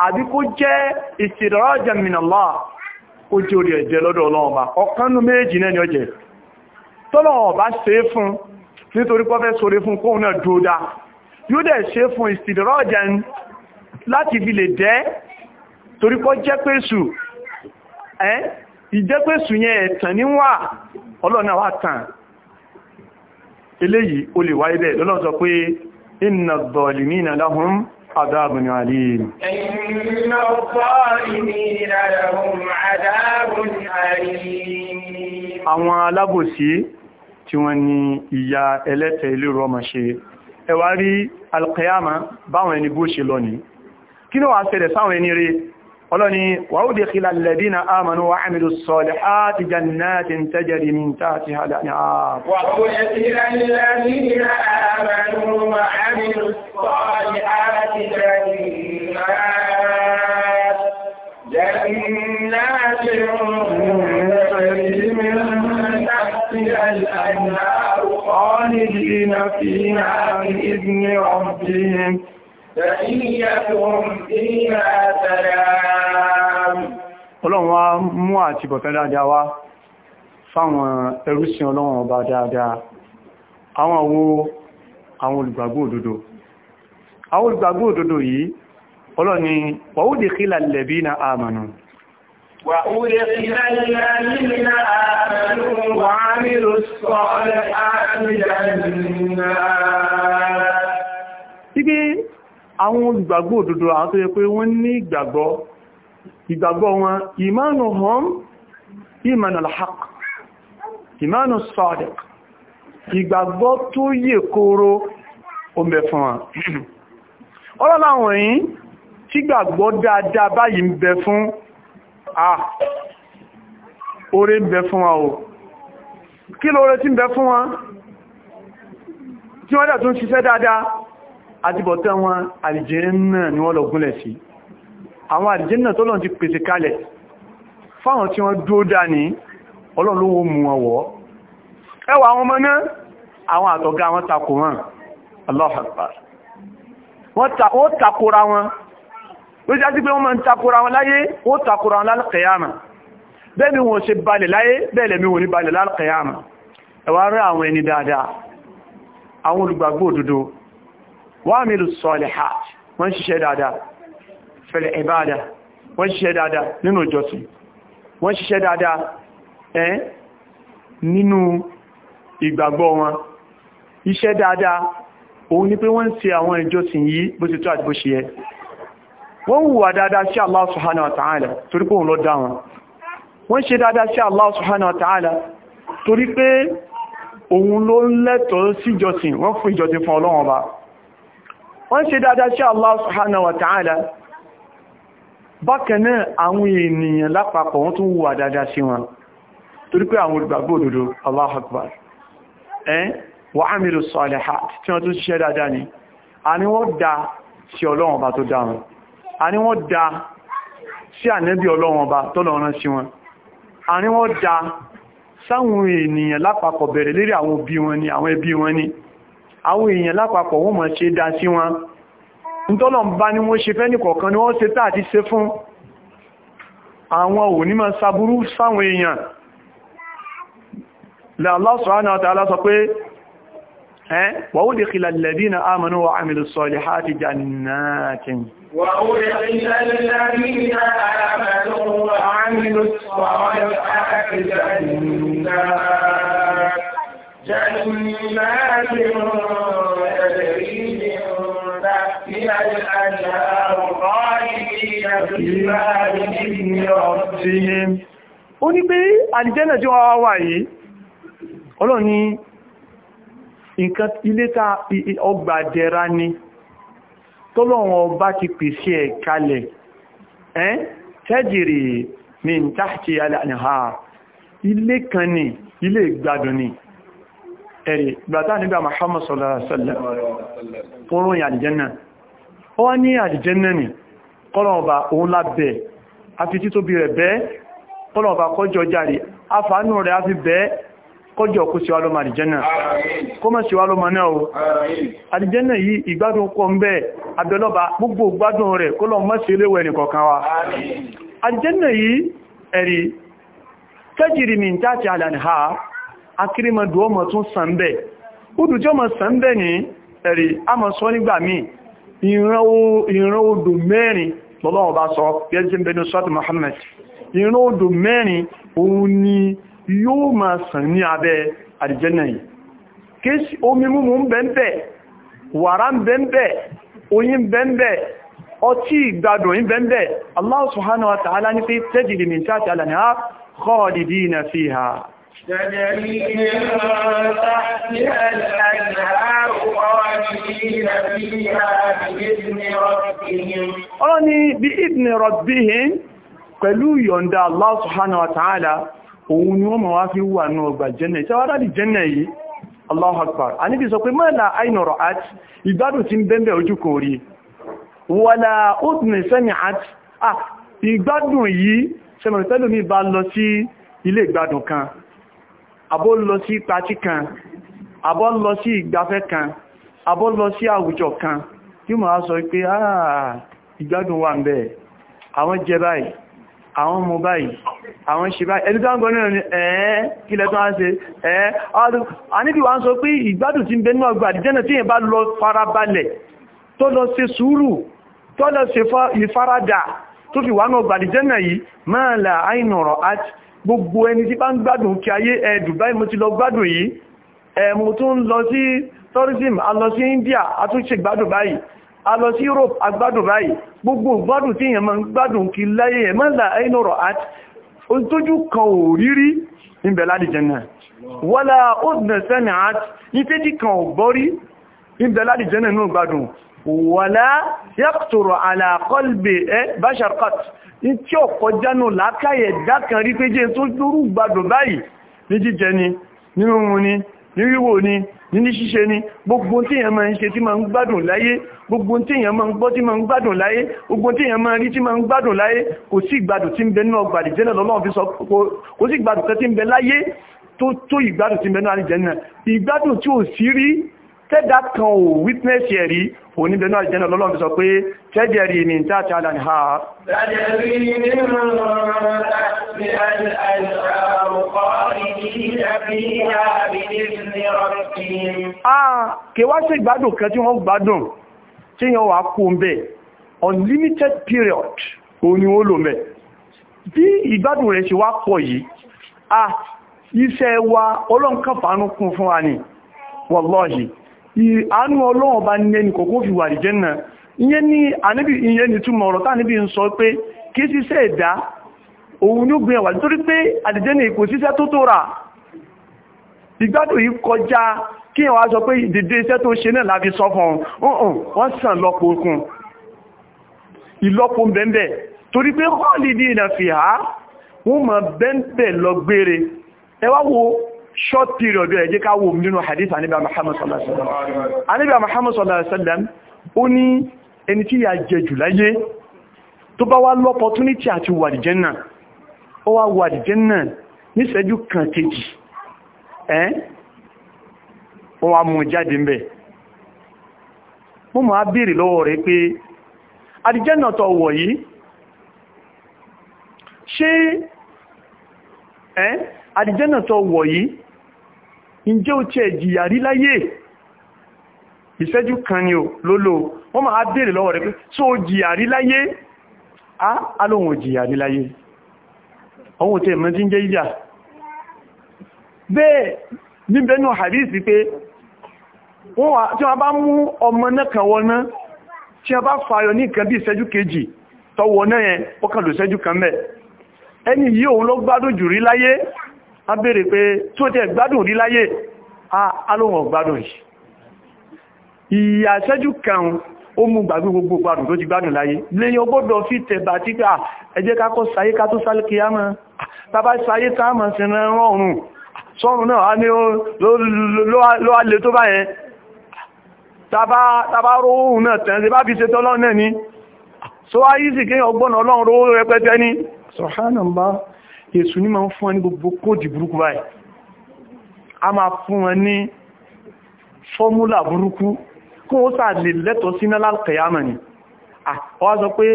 àbí kó jẹ́ istidarajan min Allah kó jẹ́ orí ẹ̀jẹ́ lọ́dọ̀ ọlọ́ọ̀bá ọ̀kanú méjì náà ni ó jẹ́ tọ́lọ̀ọ̀bá ṣe fún nítorí pọ́fẹ́ sóre fún kóhun náà dúdá yóò dẹ̀ ṣe fún istidarajan láti fi lè dẹ́ torí pọ́ jẹ́ pèsù eléyìí ó lè wáyé bẹ́ẹ̀ lọ́lọ́ sọ pé inna adh-dhalimina lahum adhabun alim inna adh-dhalimina lahum adhabun alim àwọn alábòsí tí wọ́n ní ìyà ẹlẹ́tẹ̀ ilé rọmọ ṣe ẹwà rí al báwọn ẹni bó ṣe lọ ní kí ló wà ṣẹlẹ̀ sáwọn ẹni rẹ̀ ọlọ́ni wàúdí kí lálẹ́dínà àmànú wa àmìlú sọ̀lẹ̀ àti jannáti tẹ́jẹ̀rì mi tààtì hàdà ní ààbò. خالدين فيها بإذن ربهم Ọlọ́run wa mú àti bọ̀tán dáadáa wá fáwọn ẹrúsìn ọlọ́run ọba dáadáa. Àwọn wo àwọn olùgbàgbọ́ òdodo. Àwọn olùgbàgbọ́ òdodo yìí, ọlọ́ni, wàúdì kílà lẹ̀bí na àmànù. Wàúdì kílà lẹ̀bí na àmànù wà nílùú sọ́ọ̀lẹ̀ àwọn olùgbàgbọ́ òdodo àwọn tó yẹ pé wọ́n ní ìgbàgbọ́ ìgbàgbọ́ wọn ìmánu hom ìmánu alhaq ìmánu sadiq ìgbàgbọ́ tó yè kóró oúnjẹ fún wọn ọlọ́lá àwọn yìí tí gbàgbọ́ dáadáa báyìí ń bẹ fún à oore ń bẹ fún wa o kí lóore tí ń bẹ fún wọn tí wọ́n dẹ̀ tún ṣiṣẹ́ dáadáa àtibọ̀tán wọn àlìjẹ́nà ni wọ́n lọ gúnlẹ̀ sí àwọn àlìjẹ́nà tó lọ́n ti pèsè kalẹ̀ fáwọn tí wọ́n dúó dá ní ọlọ́lówó mú wọn wọ́ ẹwà àwọn ọmọ náà àwọn àtọ̀gá wọn takò wọn Allahu Akbar wọ́n takora wọn ló já sí pé wọ́n máa ń takora wọn láyé wọ́n takora àwọn ẹni dáadáa wọ́n mìírù sọ̀lẹ̀ ha wọ́n ṣiṣẹ́ dáadáa fẹ̀rẹ̀ ìbáadà wọ́n ṣiṣẹ́ dáadáa nínú ìjọsìn wọ́n ṣiṣẹ́ dáadáa ẹ́ nínú ìgbàgbọ́ wọn iṣẹ́ dáadáa òun ni pé wọ́n ń ṣe àwọn ìjọsìn yìí bó ti tó àti bó ṣe yẹ wọ́n hùwà dáadáa sí Allah torí pé òun ló ń lẹ́tọ̀ọ́ sí wọ́n fún ìjọsìn fún Ọlọ́run Ọba wọ́n ṣe dáadáa sí Allah subhanahu wa ta'ala bákanáà àwọn ènìyàn lápapọ̀ wọ́n tún wùwà dáadáa sí wọn torí pé àwọn olùgbàgbọ́ òdodo Allahu Akbar ẹ́n wa amilus salihat tí wọ́n tún ṣiṣẹ́ dáadáa ni a ní wọ́n dá sí Ọlọ́run sáwọn ènìyàn lápapọ̀ bẹ̀rẹ̀ lérí àwọn ẹbí wọn ni àwọn èèyàn lápapọ̀ wọ́n mọ̀ ṣe dá sí wọn nítọ́lọ̀ bá ní wọ́n ṣe fẹ́ni kọ̀ọ̀kan ni wọ́n ṣe tà àti ṣe fún àwọn òní ma sàbúrú sáwọn èèyàn Allah subhanahu wa ta'ala sọ pé وأدخل آمنوا وعملوا الصالحات جنات جنات تجري من تحتها الأنهار خالدين فيها بإذن ربهم ó ní pé àlìjẹ́nà tí wọ́n wà yìí ọlọ́run ní nǹkan ilé ta ọgbà dẹ̀ra ni tọ́lọ́run ọba ti pèsè ẹ̀ kalẹ̀ ẹ́n tẹ́jìrì min tahti al-anhar ilé kan ni ilé ìgbádùn ni ẹ̀rì bàtà nígbà Muhammad sallallahu alaihi wasallam fórún àdìjẹ́nà ó wá ní àdìjẹ́nà ni kọ́lọ̀ọ̀bà òun lábẹ̀ àfi títóbi rẹ̀ bẹ́ kọ́lọ̀ọ̀bà kọjọ jàrí afánú rẹ̀ àfi bẹ́ kọjọ kú síwá lọ́mà àdìjẹ́nà kó mọ́ síwá lọ́mà náà o àdìjẹ́nà yìí ìgbádùn kọ́ ń bẹ́ abẹ́lọ́bà gbogbo gbádùn rẹ̀ kó lọ mọ́ sí iléwẹ̀ nìkọ̀kan wa àdìjẹ́nà yìí ẹ̀rì akírímọ̀dù ọmọ tún sànbẹ̀ odò tí ọmọ sànbẹ̀ ní ẹ̀rì a mọ̀ sọ nígbà míì ìran odò mẹ́rin lọ́lọ́wọ́ bá sọ gẹ́gẹ́gẹ́gẹ́ sọ́tù Muhammad ìran odò mẹ́rin òun ni yóò máa sàn ní abẹ́ àdìjẹ́nà yìí kéèsì omi bẹ́ẹ̀ ọtí ìgbàdùn ń bẹ́ẹ̀ Allah subhanahu ní pé tẹ́jìdì mìí sáàtì alàníhá kọ́ọ̀dìdì na fi ha تجري من تحتها الأنهار خالدين فيها بإذن ربهم أني بإذن ربهم pẹ̀lú yọ̀ǹda Allah subhanahu wa ta'ala òun ni wọ́n ma wá fi wà náà gbà jẹ́nà ìṣẹ́wádá di jẹ́nà yìí Allahu akbar a níbi sọ pé mọ́lá àìnàrọ̀ àti ìgbádùn ti ń bẹ́m̀bẹ̀ ojú kò rí wọ́lá ó sẹ́mì abó lọ sí patí kan abó lọ sí ìgbafẹ́ kan abó lọ sí àwùjọ kan tí mo sọ pé àà ah, ìgbádùn wà ń bẹ̀ àwọn jẹ báyìí àwọn mú báyìí àwọn ṣe báyìí ẹni tó ń gọ́nà ní ẹ̀ẹ́ kí lẹ́tọ́ á ṣe ẹ̀ẹ́ ọdún àníbí wá ń sọ pé ìgbádùn ti ń bẹ náà gbà àdìjẹ́nà tí èyàn bá lọ farabalẹ̀ tó lọ ṣe sùúrù tó lọ ṣe ìfaradà tó fi wà náà gbà àdìjẹ́nà yìí máa gbogbo ẹni tí bá ń gbádùn kí ayé ẹ Dubai mo ti lọ gbádùn yìí ẹ mo tún lọ sí tourism a lọ sí India a tún ṣe gbádùn báyìí a lọ sí Europe a gbádùn báyìí gbogbo gbádùn tí èèyàn máa ń gbádùn kí láyé ẹ̀ máa ń là ẹ̀yìn ọ̀rọ̀ àti ojútójú kan ò rírí níbẹ̀ láti jẹ́nà wọ́lá ó dẹ̀ sẹ́nà àti ní wàlá yàtòrò àlàkọ́lbè ẹ́ báṣàkọ́t ní tí ó kọjá nù lákàyè dákan rí péjé tó dúrú gbádùn báyìí ní jíjẹ ni nínú mu ni ní wíwò ni nínú ṣíṣe ni gbogbo tí èèyàn máa ń ṣe tí máa ń gbádùn láyé gbogbo tí èèyàn máa ń gbọ́ tí máa ń gbádùn láyé gbogbo tí èèyàn máa rí tí máa ń gbádùn láyé kò sí ìgbádùn tí ń bẹ náà gbàdì jẹ́nà lọ́lọ́run fi sọ kò sí ìgbádùn tí ń bẹ láyé tó tó ìgbádùn tí ń bẹ náà àlìjẹ́nà ìgbádùn tí ò sí rí tẹ́dà kan ò witness yẹ̀ rí oníbẹ̀nú àjẹ́nà lọ́lọ́run sọ pé tẹ́jẹ̀ rí ní tààtà àdàn ha kèwá sí ìgbádùn kan tí wọ́n gbádùn tí yàn wà kó ń bẹ̀ unlimited period òní ó lò mẹ́ bí ìgbádùn rẹ̀ ṣe wá pọ̀ yìí ah iṣẹ́ wa ọlọ́nkàfà ń kún fún àánú ọlọ́run bá ní ẹni kòkó fi wà ìjẹ́ náà ìyẹn ni àníbì ìyẹn ni túnmọ̀ ọ̀rọ̀ táà níbi ń sọ pé kí síṣẹ́ ẹ̀dá òun ní gbìyànwà nítorí pé àdìjẹ́ ní ìkò síṣẹ́ tó tó rà ìgbádùn yìí kọjá kí wọ́n sọ pé dìde iṣẹ́ tó ṣe náà láti sọ fún ọ̀hún wọ́n sàn lọ́pọ̀ okun ìlọ́pọ̀ bẹ́ẹ̀ torí pé họ́ọ̀lì ní ìnàfihà wọ́n mọ̀ bẹ́ẹ̀ lọ gbére ẹ wo short period rẹ̀ jẹ́ ká wò nínú hadith aníbà Muhammad sallallahu alaihi wasallam aníbà Muhammad sallallahu alaihi wasallam ó ní ẹni tí yà jẹ jù láyé tó bá wá l'opportunity àti wà dìjẹ́nà ó wá wà dìjẹ́nà ní ìṣẹ́jú kan kejì ẹ́ ó wá mú jáde ń bẹ̀ mo máa béèrè lọ́wọ́ rẹ̀ pé àdìjẹ́nà àdìjẹ́nà tó wọ̀ yìí ǹjẹ́ ó tiẹ̀ jìyà rí láyé ìṣẹ́jú kan ni ò lólò wọ́n máa bèèrè lọ́wọ́ rẹ̀ pé tó jìyà rí láyé á alóhun jìyà rí láyé ọwọ́ tẹ́ mọ́ tí ń jẹ́ ìyà bẹ́ẹ̀ níbẹ̀nú hadisi pé tí wọ́n bá mú ọmọ náà kan wọná tí wọ́n bá fàyọ ní nǹkan bí ìṣẹ́jú kejì tọwọ́ náà yẹn ẹni yìí òun ló gbádùn jù rí láyé a bèèrè pé tó tẹ gbádùn rí láyé alóhùn ọ̀gbádùn yìí ìyàṣẹ́jú kan ó mú gbàgbé gbogbo gbádùn tó ti gbádùn láyé lẹ́yìn ọgbọ́dọ̀ fi tẹ̀bà títà ẹjẹ́ kákọ́ sáyé ká tó sálé kí á mọ́ tàbá sáyé táàmà sí rọrùn sọ́run náà a ní ló alẹ́ tó bá yẹn tàbá róhùn náà ni so ayé Èṣù ni máa ń fún wọn ní gbogbo kóòdì burúkú báyìí a máa fún wọn ní fọ́múlà burúkú kó ó sà lè lẹ́tọ̀ sí náà kẹyàmà ni ọwá sọ pé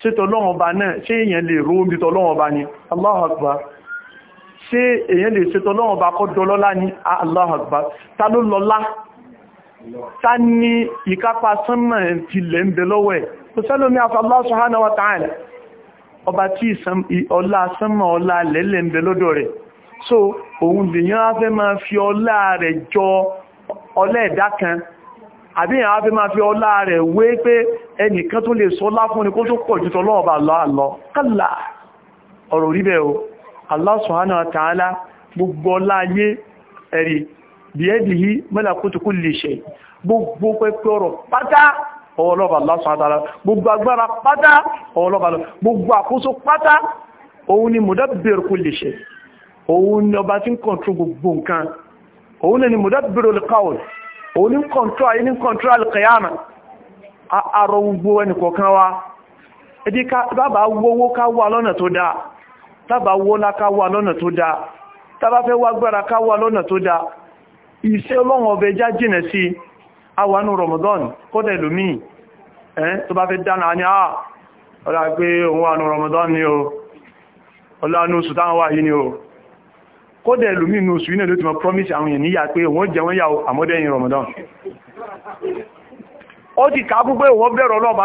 ṣe náà ṣe èyàn lè ró omi tọ́lọ́wọ́ba ni Allahu Akbar ṣe èyàn lè ṣe tọ́lọ́wọ́ba kọ́ Allahu Akbar ọba tí ọlá sánmà ọlá lẹ́lẹ̀ ń bẹ lọ́dọ̀ rẹ̀ so òun lèyàn á fẹ́ máa fi ọlá rẹ̀ jọ ọlá ẹ̀dá kan àbí èyàn á fẹ́ máa fi ọlá rẹ̀ wé pé ẹnìkan tó lè sọ ọlá fún ni kó tó pọ̀ jù tọ́lọ́ọ̀bà lọ kálà Allah subhanahu wa ta'ala gbogbo ọlá ayé ẹ̀rí bí ẹ́dì yìí mẹ́lá kó ọwọ́lọ́bà lásàádára gbogbo agbára pátá ọwọ́lọ́bà gbogbo àkóso pátá òun ni mudabbir kulli shay òun ni ọba tí ń kọ̀ntró gbogbo nǹkan òun ni mudabbirul qawl òun ni kọ̀ntró ayé ní kọ̀ntró al-qiyama àrọ gbogbo ẹni kọ̀ọ̀kan wa ẹdí bàbá wọ́wọ́ ká wà lọ́nà tó awọnú Ramadan kódẹ̀ lómi ẹ́ tó bá fẹ́ dáná ní àà ah, ọlá pé òun wà ní Ramadan ni o ọlá ní oṣù táwọn wà yìí ni o kódẹ̀ lómi ní oṣù inú ló ti mọ̀ promise àwọn èèyàn níyà pé òun jẹun yà àmọ́dẹ́yìn Ramadan ó ti kà púpẹ́ òun bẹ̀rọ ọlọ́ọ̀bá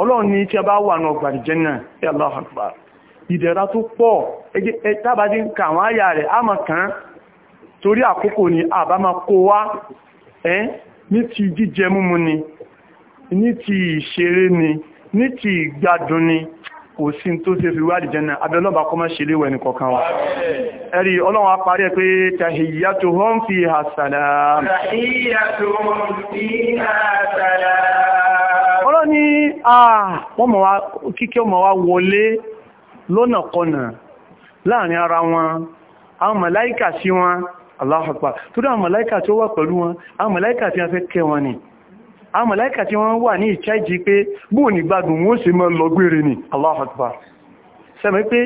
ọlọ́run ní tí a bá wà náà gbàdì jẹ́nà ẹ̀ aláhàgbà ìdẹ̀ra tó pọ̀ tábàdí ń ka àwọn àyà rẹ̀ a ma kàn torí àkókò ni àbá ma kó wá ẹ́ ní ti jíjẹ múmu ni ní ti ìṣeré ni ní ti ìgbádùn ni kò sí tó ṣe fi wádìí jẹ́nà abẹ́lọ́bà kọ́ máa ṣeré wẹ̀ ní kọ̀kan wa ẹ̀rí ọlọ́run aparí ẹ ó ní ah, kíkẹ́ ọmọ wa wọlé lọ́nà kọnà láàrin ara wọn àwọn màláíkà sí wọn aláhàpá tó dá àwọn màláíkà tí ó wà pẹ̀lú wọn àwọn màláíkà tí a fẹ́ kẹ́ wọn ni àwọn màláíkà tí wọ́n wà ní ìcháìjì pé bóò ní gbádùn wọ́n sì máa lọ gbére ni aláhàpá sẹ́mẹ́ pé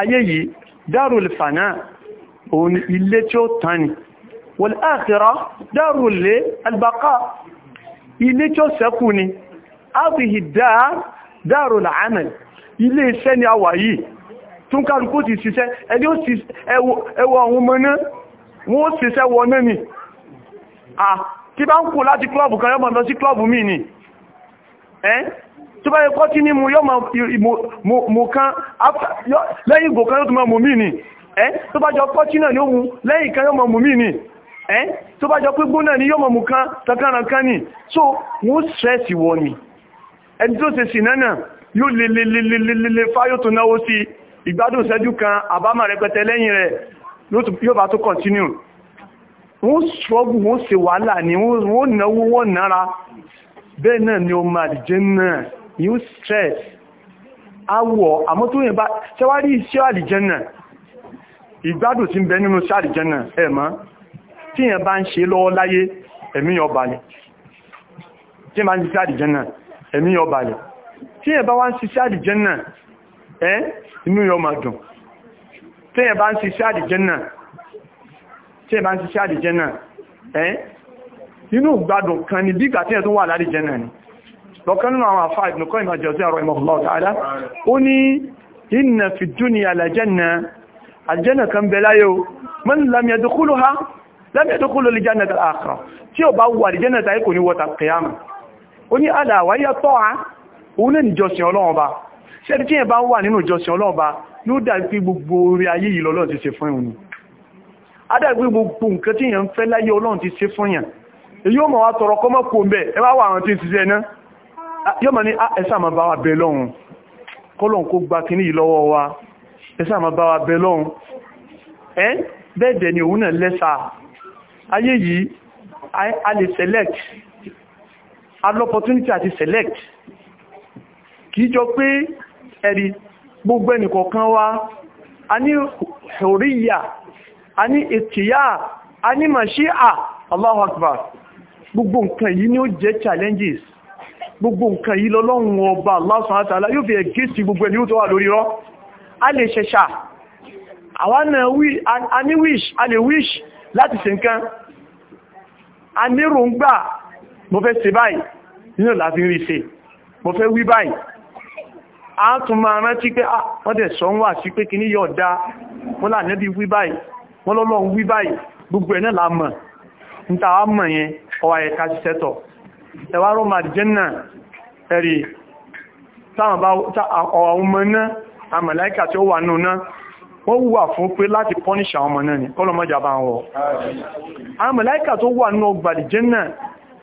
ayé yìí dárul fànà òun ilé tí ó tán ni wal akhirah dárul albaqā ilé tí ó ṣẹ́kù ni áàbìhì dáa dáàrò làánà ilé iṣẹ́ ni a wà yìí tún kálukú ti ṣiṣẹ́ ẹni ó ẹwọ àwọn ọmọ náà wọ́n ó ṣiṣẹ́ wọ náà ni à tí bá ń kú láti klọ́ọ̀bù kan yọ́mọ̀ lọ sí klọ́ọ̀bù míì ni ẹ́ tó bá yẹ kọ́ tí ní mu yọ́mọ̀ kan lẹ́yìn ìgbò kan yóò tún mọ̀ mú míì ni ẹ́ tó bá jọ kọ́ tí náà ni ó mu lẹ́yìn kan yọ́mọ̀ mú míì ni ẹ́ tó bá jọ pé gbóná ni yọ́mọ̀ mú kan tọkànràn kan ni so wọ́n stress wọ ni ẹni tó ṣe sìnà náà yóò lè lè lè lè lè lè lè fáyó tó náwó sí ìgbádùn ṣẹ́jú kan àbámà rẹpẹtẹ lẹ́yìn rẹ̀ yóò bá tó continue wọ́n ṣọ́gbù wọ́n ṣe wàhálà ni wọ́n náwó wọ́n nára bẹ́ẹ̀ náà ni o máa dìjẹ́ náà yóò stress awọ àmọ́ yẹn bá ṣẹwárí iṣẹ́ àdìjẹ́ náà ìgbádùn ti ń bẹ nínú iṣẹ́ náà ẹ̀ tí yẹn bá ń ṣe lọ́wọ́ láyé ẹ̀mí ọba ni tí yẹn bá ń ṣe àdìjẹ́ náà ẹ̀mí yọ balẹ̀ tí ẹ bá wá ń ṣiṣẹ́ àdìjẹ́nà ẹ́ inú yọ máa dùn tí ẹ bá ń ṣiṣẹ́ àdìjẹ́nà tí ẹ bá ń ṣiṣẹ́ àdìjẹ́nà ẹ́ inú gbádùn kan ní bí ìgbàtí ẹ̀ tó wà ládìjẹ́nà ni lọ́kàn nínú àwọn àfáà ìbùnkọ́ ìmọ̀jẹ̀ ọ̀sẹ̀ ọ̀rọ̀ ìmọ̀lọ́ ọ̀tàdá ó ní inna fi dunya àlàjẹ́nà àjẹ́nà kan bẹ láyé o man ó ní àdàwáyé tọ́ a òun lè níjọsìn ọlọ́run ba ṣẹ́ni tí yẹn bá wà nínú ìjọsìn ọlọ́run ba yóò dàbí gbogbo orí ayé yìí lọ́lọ́run ti ṣe fún ìhun adàgbé gbogbo nǹkan tí yẹn fẹ́ láyé ọlọ́run ti ṣe fún yàn èyí ó mọ̀ wá tọrọ kọ́ mọ́kò ń bẹ̀ ẹ bá wà àwọn tí ń ṣiṣẹ́ iná yóò mọ̀ ní ẹsà máa bá wa bẹ lọ́run kọ́lọ̀n kó gba kìíní yìí lọ́wọ́ wa ẹsà máa bá wa bẹ lọ́run ẹ́ bẹ́ẹ̀dẹ̀ ni òun náà lẹ́sà ayé yìí a lè select a lọ opportunity àti select kìí jọ pé ẹ̀rí gbogbo ẹnìkọ̀ọ̀kan wa a ní hurriya a ní ìtìyà a ní mashia Allahu Akbar gbogbo nǹkan yìí ni ó jẹ́ challenges gbogbo nǹkan yìí lọ́lọ́run ọba Allah subhanahu wa ta'ala yóò fi ẹ̀gẹ́sì gbogbo ẹni tó wà lórí rọ́ a lè ṣẹṣà àwọn a ní wish a lè wish láti ṣe nǹkan a ní ròǹgbà mo fẹ́ ṣe báyìí nínú láti rí ṣe mo fẹ́ wí báyìí a tún máa rántí pé ah, wọ́n dẹ̀ sọ ń wà sí pé kíní yóò dá wọ́n là nẹ́bí wí báyìí wọ́n lọ́lọ́ wí báyìí gbogbo ẹ̀ náà la mọ̀ níta wá mọ̀ yẹn ọwà ẹ̀ka ṣiṣẹ́ tọ̀ ẹwà rọ́mà jẹ́nà ẹ̀rì táwọn bá ọwà ọmọ wọ́n wúwà fún pé láti pọ́níṣà ọmọ náà ni kọ́lọ̀mọ́jà bá wọ́ àmàláìkà tó wà nù ọgbàdì jẹ́nà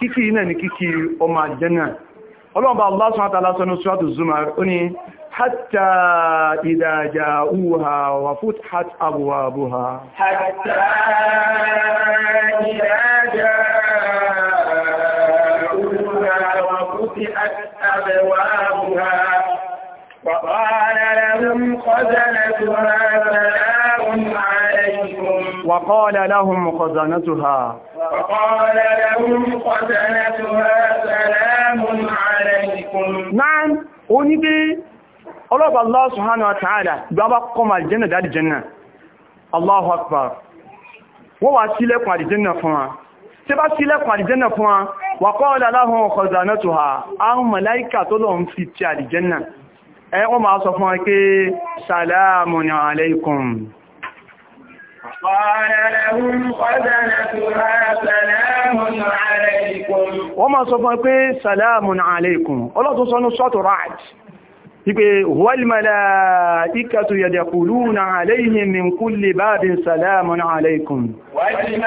kíkí iná ni kíkí ọmọ àjẹ́nà ọlọ́ọ̀bá Allah subhanahu wa ta'ala sọ ní suratu Zumar ó ní hatta idha ja'uha wa futhat abwabuha hatta idha فقال لهم خزنتها سلام عليكم نعم ونبي ọlọ́pàá Allah subhanahu wa ta'ala bí a bá kọmọ àlìjẹ́nà dáadì jẹ́nà Allahu akbar wọ́n wá sílẹ̀kùn àlìjẹ́nà fún wa tí bá sílẹ̀kùn àlìjẹ́nà fún wa wa qala lahum khazanatuha àwọn màláíkà tó lọ ń fi ti àlìjẹ́nà ẹ wọ́n máa sọ fún wa pé salamun alaykum قال لهم خزنتها سلام عليكم وما صفحك سلام عليكم الله تصنع الصوت رعد والملائكة يدخلون عليهم من كل باب سلام عليكم والملائكة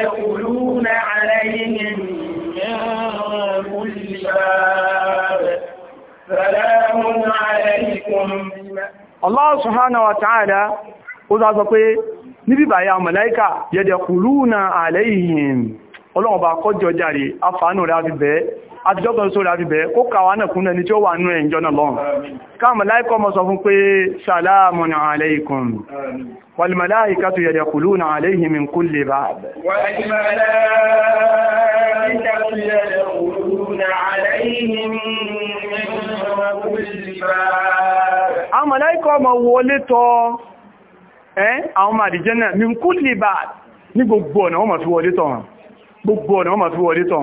يدخلون عليهم من كل باب سلام عليكم Allah subhanahu wa ta'ala o da so pe ni bi baye malaika ya da quluna alaihim olorun kọjọ ko jojare afanu ra bi be àtijọ́gbọ̀n sórí àríbẹ̀ kó kàwà náà kún ẹni tí ó wà nú ẹ̀njọ́ náà lọ́n káàmù láìkọ́ mọ́ sọ fún pé salamun alaykum wal malaikatu yadkhuluna alayhim min kulli bab wal malaikatu yadkhuluna alayhim min kulli gbogbo ọ̀nà wọ́n máa fi wọlé tọ̀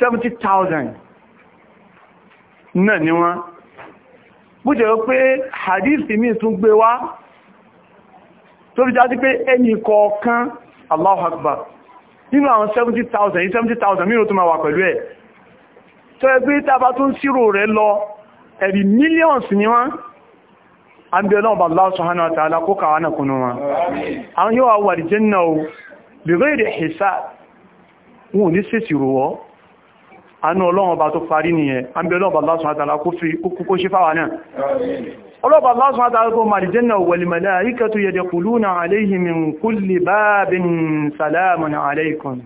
70,000 náà ni wọ́n bó jẹ́ pé hadith mi tún gbé wá tó fi jáde pé ẹni kọ̀ọ̀kan Allahu Akbar nínú àwọn 70,000 yí 70,000 míràn tó máa wà pẹ̀lú ẹ̀ tó ẹgbẹ́ tàbá tún sírò rẹ̀ lọ ẹ̀rì millions ni wọ́n an bí ọlọ́ọ̀bà Allah subhanahu wa ta'ala kó kàwà náà kúnnú wọn àwọn yíwa wà jẹ́ náà bí gẹ́rẹ̀ hìsá wọn ò ní sí sírò wọ́ àánú ọlọ́run ọba tó parí nìyẹn àbí ọlọ́ọ̀bà lásùn àtàlá kó fi kókó ṣe fáwà náà ọlọ́ọ̀bà lásùn àtàlá kó màrìjẹ́nà wàlìmàlá ikẹtù yẹ̀dẹ̀ kùlú na aléhìn min kulli bábin salamun alaykum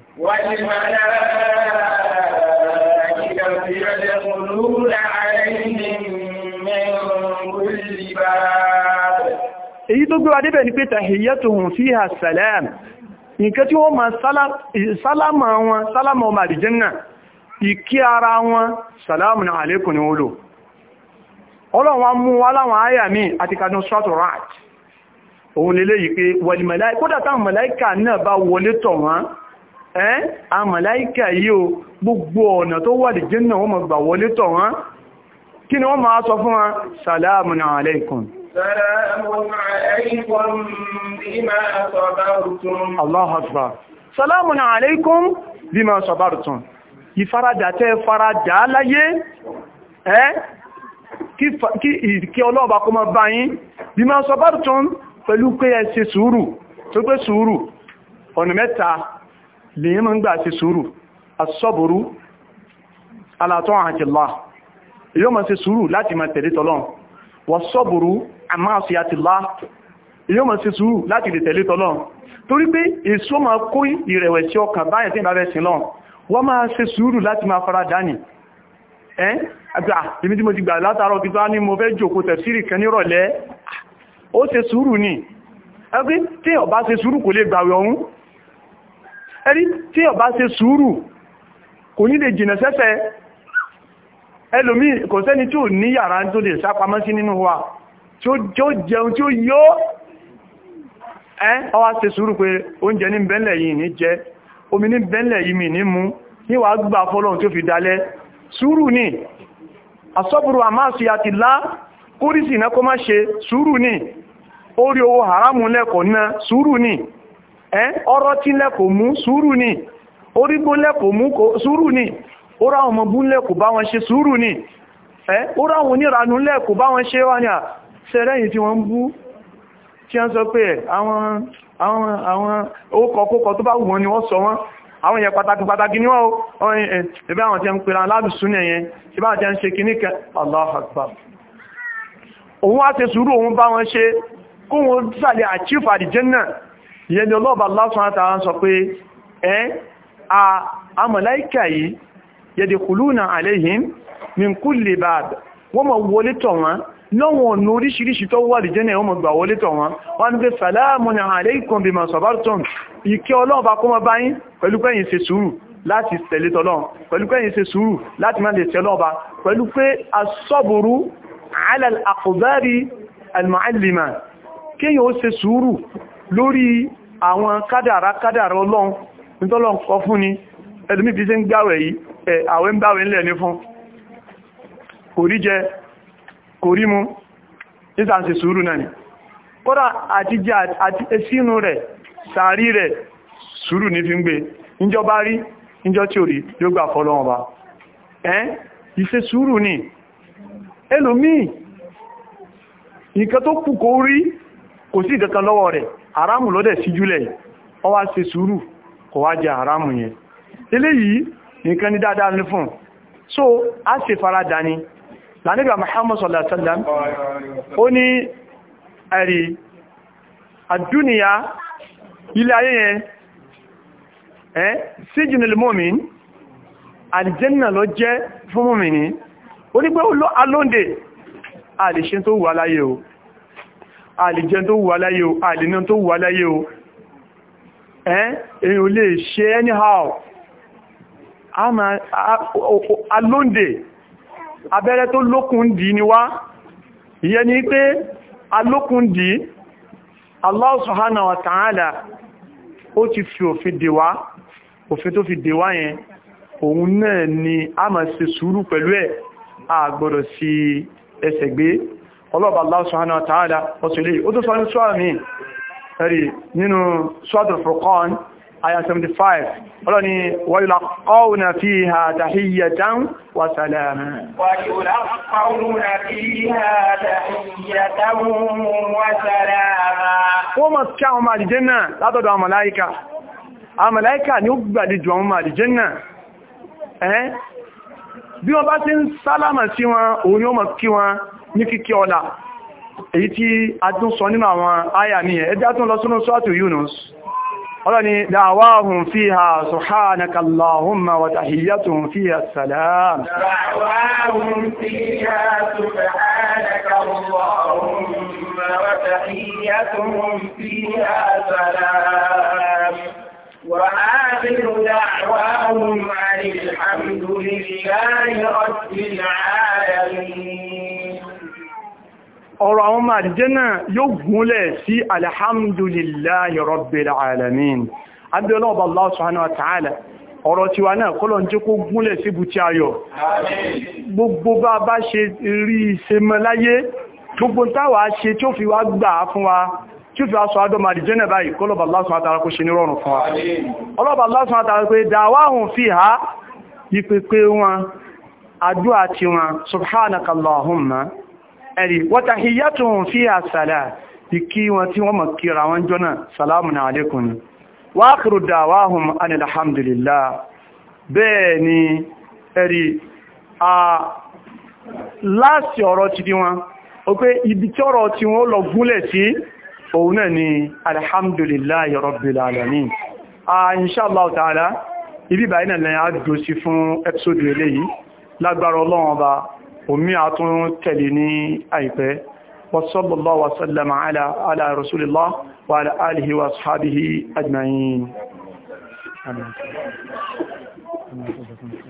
èyí tó gbéwà débẹ̀ ní pé tahiyyatuhum fiha salam nǹkan tí wọ́n ma sálámà wọn sálámà ọmọ àdìjẹ́ náà ìkí ara wọn salamun alaikun ni ó lò ọlọ́wọ́n mú wá láwọn àyà mi àti kadun stratorat òun lélé yìí pé wàlì màláì kódà táwọn màláìkà náà bá wọlé tọ̀ wọ́n ẹ́n a màláìkà yìí gbogbo ọ̀nà tó wà lè jẹ́nà wọ́n máa gbà wọlé tọ̀ wọ́n kí ni wọ́n máa sọ fún wọn salamun alaikun salamun alaikun bima sabartum Allahu akbar salamun ìfaradà tẹ́ faradà láyé ẹ́ kí ìkẹ́ ọlọ́ọ̀bá kó máa bá yín bí máa sọ bárùtún pẹ̀lú pé ẹ ṣe sùúrù tó pé sùúrù ọ̀nà mẹ́ta lèyìn mọ́ ń gbà ṣe sùúrù asọ́bùrú alàtọ́ àjìlá yóò máa ṣe sùúrù láti máa tẹ̀lé tọ́lọ́n wọ́sọ́bùrú àmáṣíyàtìlá yóò máa ṣe sùúrù láti lè tẹ̀lé tọ́lọ́n torí pé èso máa kó ìrẹ̀wẹ̀sí ọkàn báyẹ̀ tí ìbáfẹ́ sílọ́n wọ́n máa ṣe sùúrù láti máa fara dání ẹ́n àgbà ìmí tí mo ti gbà látàrọ ti bá ní mo fẹ́ jókòó tẹ̀sírì kan nírọ̀lẹ́ ó ṣe sùúrù ní ẹgbẹ́ tí ó bá ṣe sùúrù kò lè gbàwẹ̀ ọ̀hún ẹ̀rí tí ó bá ṣe sùúrù kò ní lè jìnà sẹ́sẹ́ ẹlòmí kò sẹ́ni tí ò ní yàrá omi ní bẹ́lẹ̀ yìí mi ní mú ní wà gbà fọ́lọ́run tí ó fi dalẹ́ sùúrù ní asọ́bùrù àmáàsì àti lá kórìsì náà kó má ṣe sùúrù ní orí owó haramu lẹ́kọ̀ọ́ náà sùúrù ní ọ̀rọ̀ tí lẹ́kọ̀ọ́ mú sùúrù ní orígbó lẹ́kọ̀ọ́ mú sùúrù ní orá àwọn ọmọ bún lẹ́kọ̀ọ́ bá wọn ṣe sùúrù ní orá àwọn oníranú àwọn ókọ̀kókọ tó bá wùn ni wọ́n sọ wọ́n àwọn èèyàn pàtàkì pàtàkì ní wọ́n eh, ẹ̀bẹ́ àwọn tí a ń pèrà aláàbùsúnà yẹn tí bá jẹ́ ń ṣe kì níkẹ Allahu Akbar òun á ti sùúrù òun bá wọn ṣe kó wọn sàlẹ̀ àchífà àdìjẹ́nà ìyẹn ni ọlọ́ọ̀bà lásán àtàrà sọ pé ẹ́ àmàláìkà yìí yẹ̀dẹ̀kùlúnà àlẹ́yìn min kulli bab lọ́wọ́n ọ̀nà oríṣiríṣi tó wà lìjẹ́nà ẹ̀wọ́n gbà wọlé tọ̀ wọn wọ́n ń gbé salamun alaykum bima sabartum ìkẹ́ ọlọ́run bá kó mọ́ báyín pẹ̀lú pẹ́yìn ṣe sùúrù láti tẹ̀lé tọ́lọ́run pẹ̀lú pẹ́yìn ala al-aqdari al-mu'allima kéyàn ó ṣe sùúrù lórí àwọn kádàrá kádàrá ọlọ́run nítọ́lọ́run kọ fún ni ẹlùmí fi ṣe ń gbáwẹ̀ yìí ń gbáwẹ̀ ní fún kò jẹ kò rí mú ìsànsì sùúrù náà ni kódà àti jẹ́ àti ẹsínú rẹ̀ sàárì rẹ̀ sùúrù ní fi ń gbé ìjọ bá rí ìjọ tí ò rí yóò gbà fọ́lọ́wọ́n bá ẹ́n ìṣe sùúrù ni ẹlòmíì nǹkan tó kù kó rí kò sí ìkankan lọ́wọ́ rẹ̀ haramu lọ́dẹ̀ síjúlẹ̀ ó ṣe sùúrù ní so a ṣe faradà ni lànàbà Muhammad sallallahu alaihi wasallam ó ní ẹ̀rí àdúnìyà ilé ayé yẹn ẹ́ sijnul mu'min àlìjẹ́nà ló jẹ́ fún mùmìnì ó ní pé alóǹdè àlìṣẹ́ tó wà láyé o àlìjẹ tó wà láyé o àlìná tó wà láyé o ẹ́n èyàn lè ṣe anyhow alóǹdè abẹ́rẹ́ tó lókun dì ní wá ìyẹn ni pé alókun dì Allah subhanahu wa ta'ala ó ti fi òfin dè wá òfin tó fi dè wá yẹn òun náà ni a máa ṣe sùúrù pẹ̀lú ẹ̀ a sí ẹsẹ̀ gbé ọlọ́ọ̀bà wa ta'ala ọ̀sẹ̀lẹ̀ ó tó sọ ní sọ́ọ̀mí ẹ̀rì nínú Suratul Furqan aya 75 ọlọ́ni wọ́yílá ọ́wùnà fi ha tàhíyà tán wà sàlámà wọ́n mọ̀ kí àwọn màdìjẹ́nà látọ̀dọ̀ àwọn màláíkà àwọn màláíkà ni ó gbàdìjọ àwọn màdìjẹ́nà ẹ́ bí wọ́n bá ti ń sálámà sí wọn òun ni ó mọ̀ kí wọn ní kíkí ọlá èyí tí a tún sọ nínú àwọn áyà ní ẹ̀ tún lọ sínú sọ́ọ̀tù Yunus ولني دعواهم فيها سبحانك اللهم وتحيتهم فيها السلام دعواهم فيها سبحانك اللهم وتحيتهم فيها السلام وآخر دعواهم عن الحمد لله رب العالمين ọ̀rọ̀ àwọn máa jẹ́ náà yóò gúnlẹ̀ sí alhamdulillahi rabbil alamin abdullahi Allah subhanahu wa ta'ala ọ̀rọ̀ tiwa náà kọ́lọ̀ ń jẹ́ kó gúnlẹ̀ sí bú tí a yọ gbogbo bá bá ṣe rí ṣe mọ́ láyé gbogbo táwà ṣe tí ó fi wá gbà fún wa tí ó fi wá sọ adọ́mà àdìjẹ́nà báyìí kọ́lọ̀bà Allah subhanahu wọn subhanakallahumma ẹ̀rí wọ́ta hiyatun fi àsàlá ìkí wọn tí wọ́n mọ̀ kíra wọn jọ́nà salamun alaikun wa akhiru dawahum alhamdulillah bẹ́ẹ̀ ni ẹ̀rí a láti ọ̀rọ̀ ti di wọn o pé ibi tí ọ̀rọ̀ tí wọ́n lọ gúnlẹ̀ sí òun náà ni alhamdulillah rabbil alamin a inshallah ta'ala omi àtún tẹ̀lé ní àìpẹ́ wasallallahu wasallama ala ala rasulillah wa ala alihi wa ashabihi ajma'in Thank you.